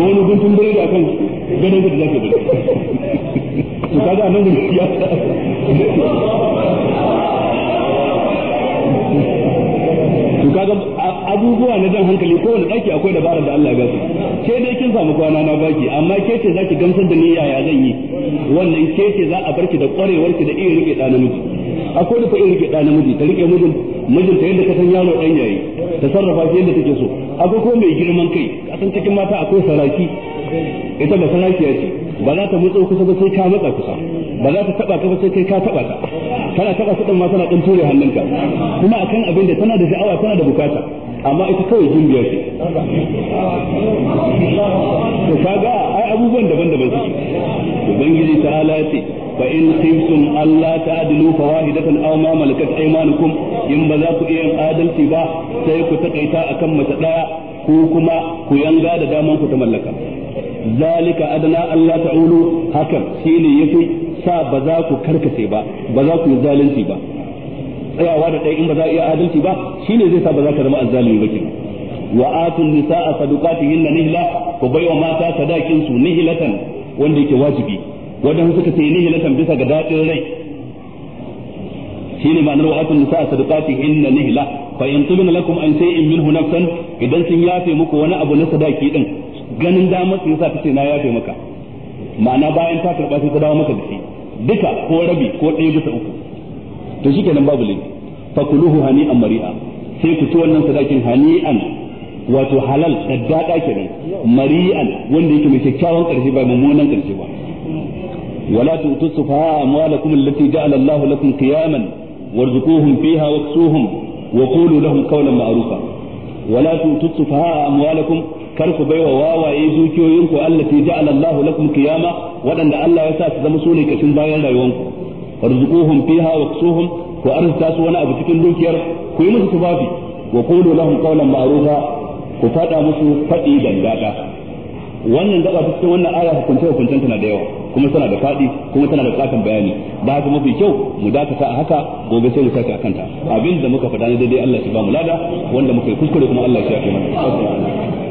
wani guntun birni a kan gadon da zaka bari to kaga nan gudu ya to kaga abubuwa na jan hankali wani daki akwai dabarar da Allah ya gasu ke dai kin samu kwana na baki amma ke ce zaki gamsar da ni yaya zan yi wannan ke ce za a barki da kwarewar ki da iya rike da namiji akwai da fa iya rike da namiji ta rike mijin mijinta yadda ka san yaro ɗan yayi ta sarrafa shi yadda take so akwai ko mai girman kai a san cikin mata akwai saraki ita ba saraki ya ce ba za ta mutsa kusa ba sai ka matsa kusa ba za ta taba ka ba sai kai ka taba ta tana taba su ma tana ɗan ture hannunka kuma akan abin da tana da sha'awa tana da bukata amma ita kawai gimbiya ce to kaga ai abubuwan daban-daban suke ubangiji ta ala ce fa in ta adilu fa wahidatan aw ma malakat aymanukum in ba za ku iya adalci ba sai ku takaita akan mace daya ko kuma ku yanga da daman ku ta mallaka zalika adana Allah ta'ulu hakan shine yafi sa ba za ku karkace ba ba za ku yi zalunci ba tsayawa da ɗaya in ba za a iya adalci ba shi ne zai sa ba za ka zama azzalimi ba kenan wa atul nisaa sadaqatihinna nihla ku baiwa mata sadaqin su nihlatan wanda yake wajibi wadan suka ce nihlatan bisa ga dadin rai shine ma'anar wa atul nisaa sadaqatihin nihla fa in tubna lakum an shay'in minhu nafsan idan sun yafe muku wani abu na sadaki din ganin damar su yasa kace na yafe maka ma'ana bayan ta karba sai ta dawo maka da shi duka ko rabi ko ɗaya bisa uku to shikenan babu laifi fakuluhu hani'an mari'a sai ku ci wannan sadakin hani'an wato halal daddada kenan mari'an wanda yake mai kyakkyawan karshe ba mummunan karshe ba wala tu'tu sufaha amwalakum allati ja'ala Allahu lakum qiyaman warzuquhum fiha waksuhum wa qulu lahum qawlan ma'rufa wala tu'tu sufaha amwalakum kar ku baiwa wawaye dukiyoyinku allati ja'ala Allah lakum qiyama wadanda Allah ya sa su zama sune kashin bayan rayuwanku farzuquhum fiha waqsuhum ku arzuta su wani abu cikin dukiyar ku yi musu tufafi wa qulu lahum qawlan ma'rufa ku fada musu fadi dangada wannan gaba ta cikin wannan aya hukunce hukuncen tana da yawa kuma tana da fadi kuma tana da katon bayani ba haka mafi kyau mu dakata a haka gobe sai mu sake akanta ta abin da muka faɗa ne daidai Allah ya ba mu lada wanda muka yi kuskure kuma Allah ya shafe mana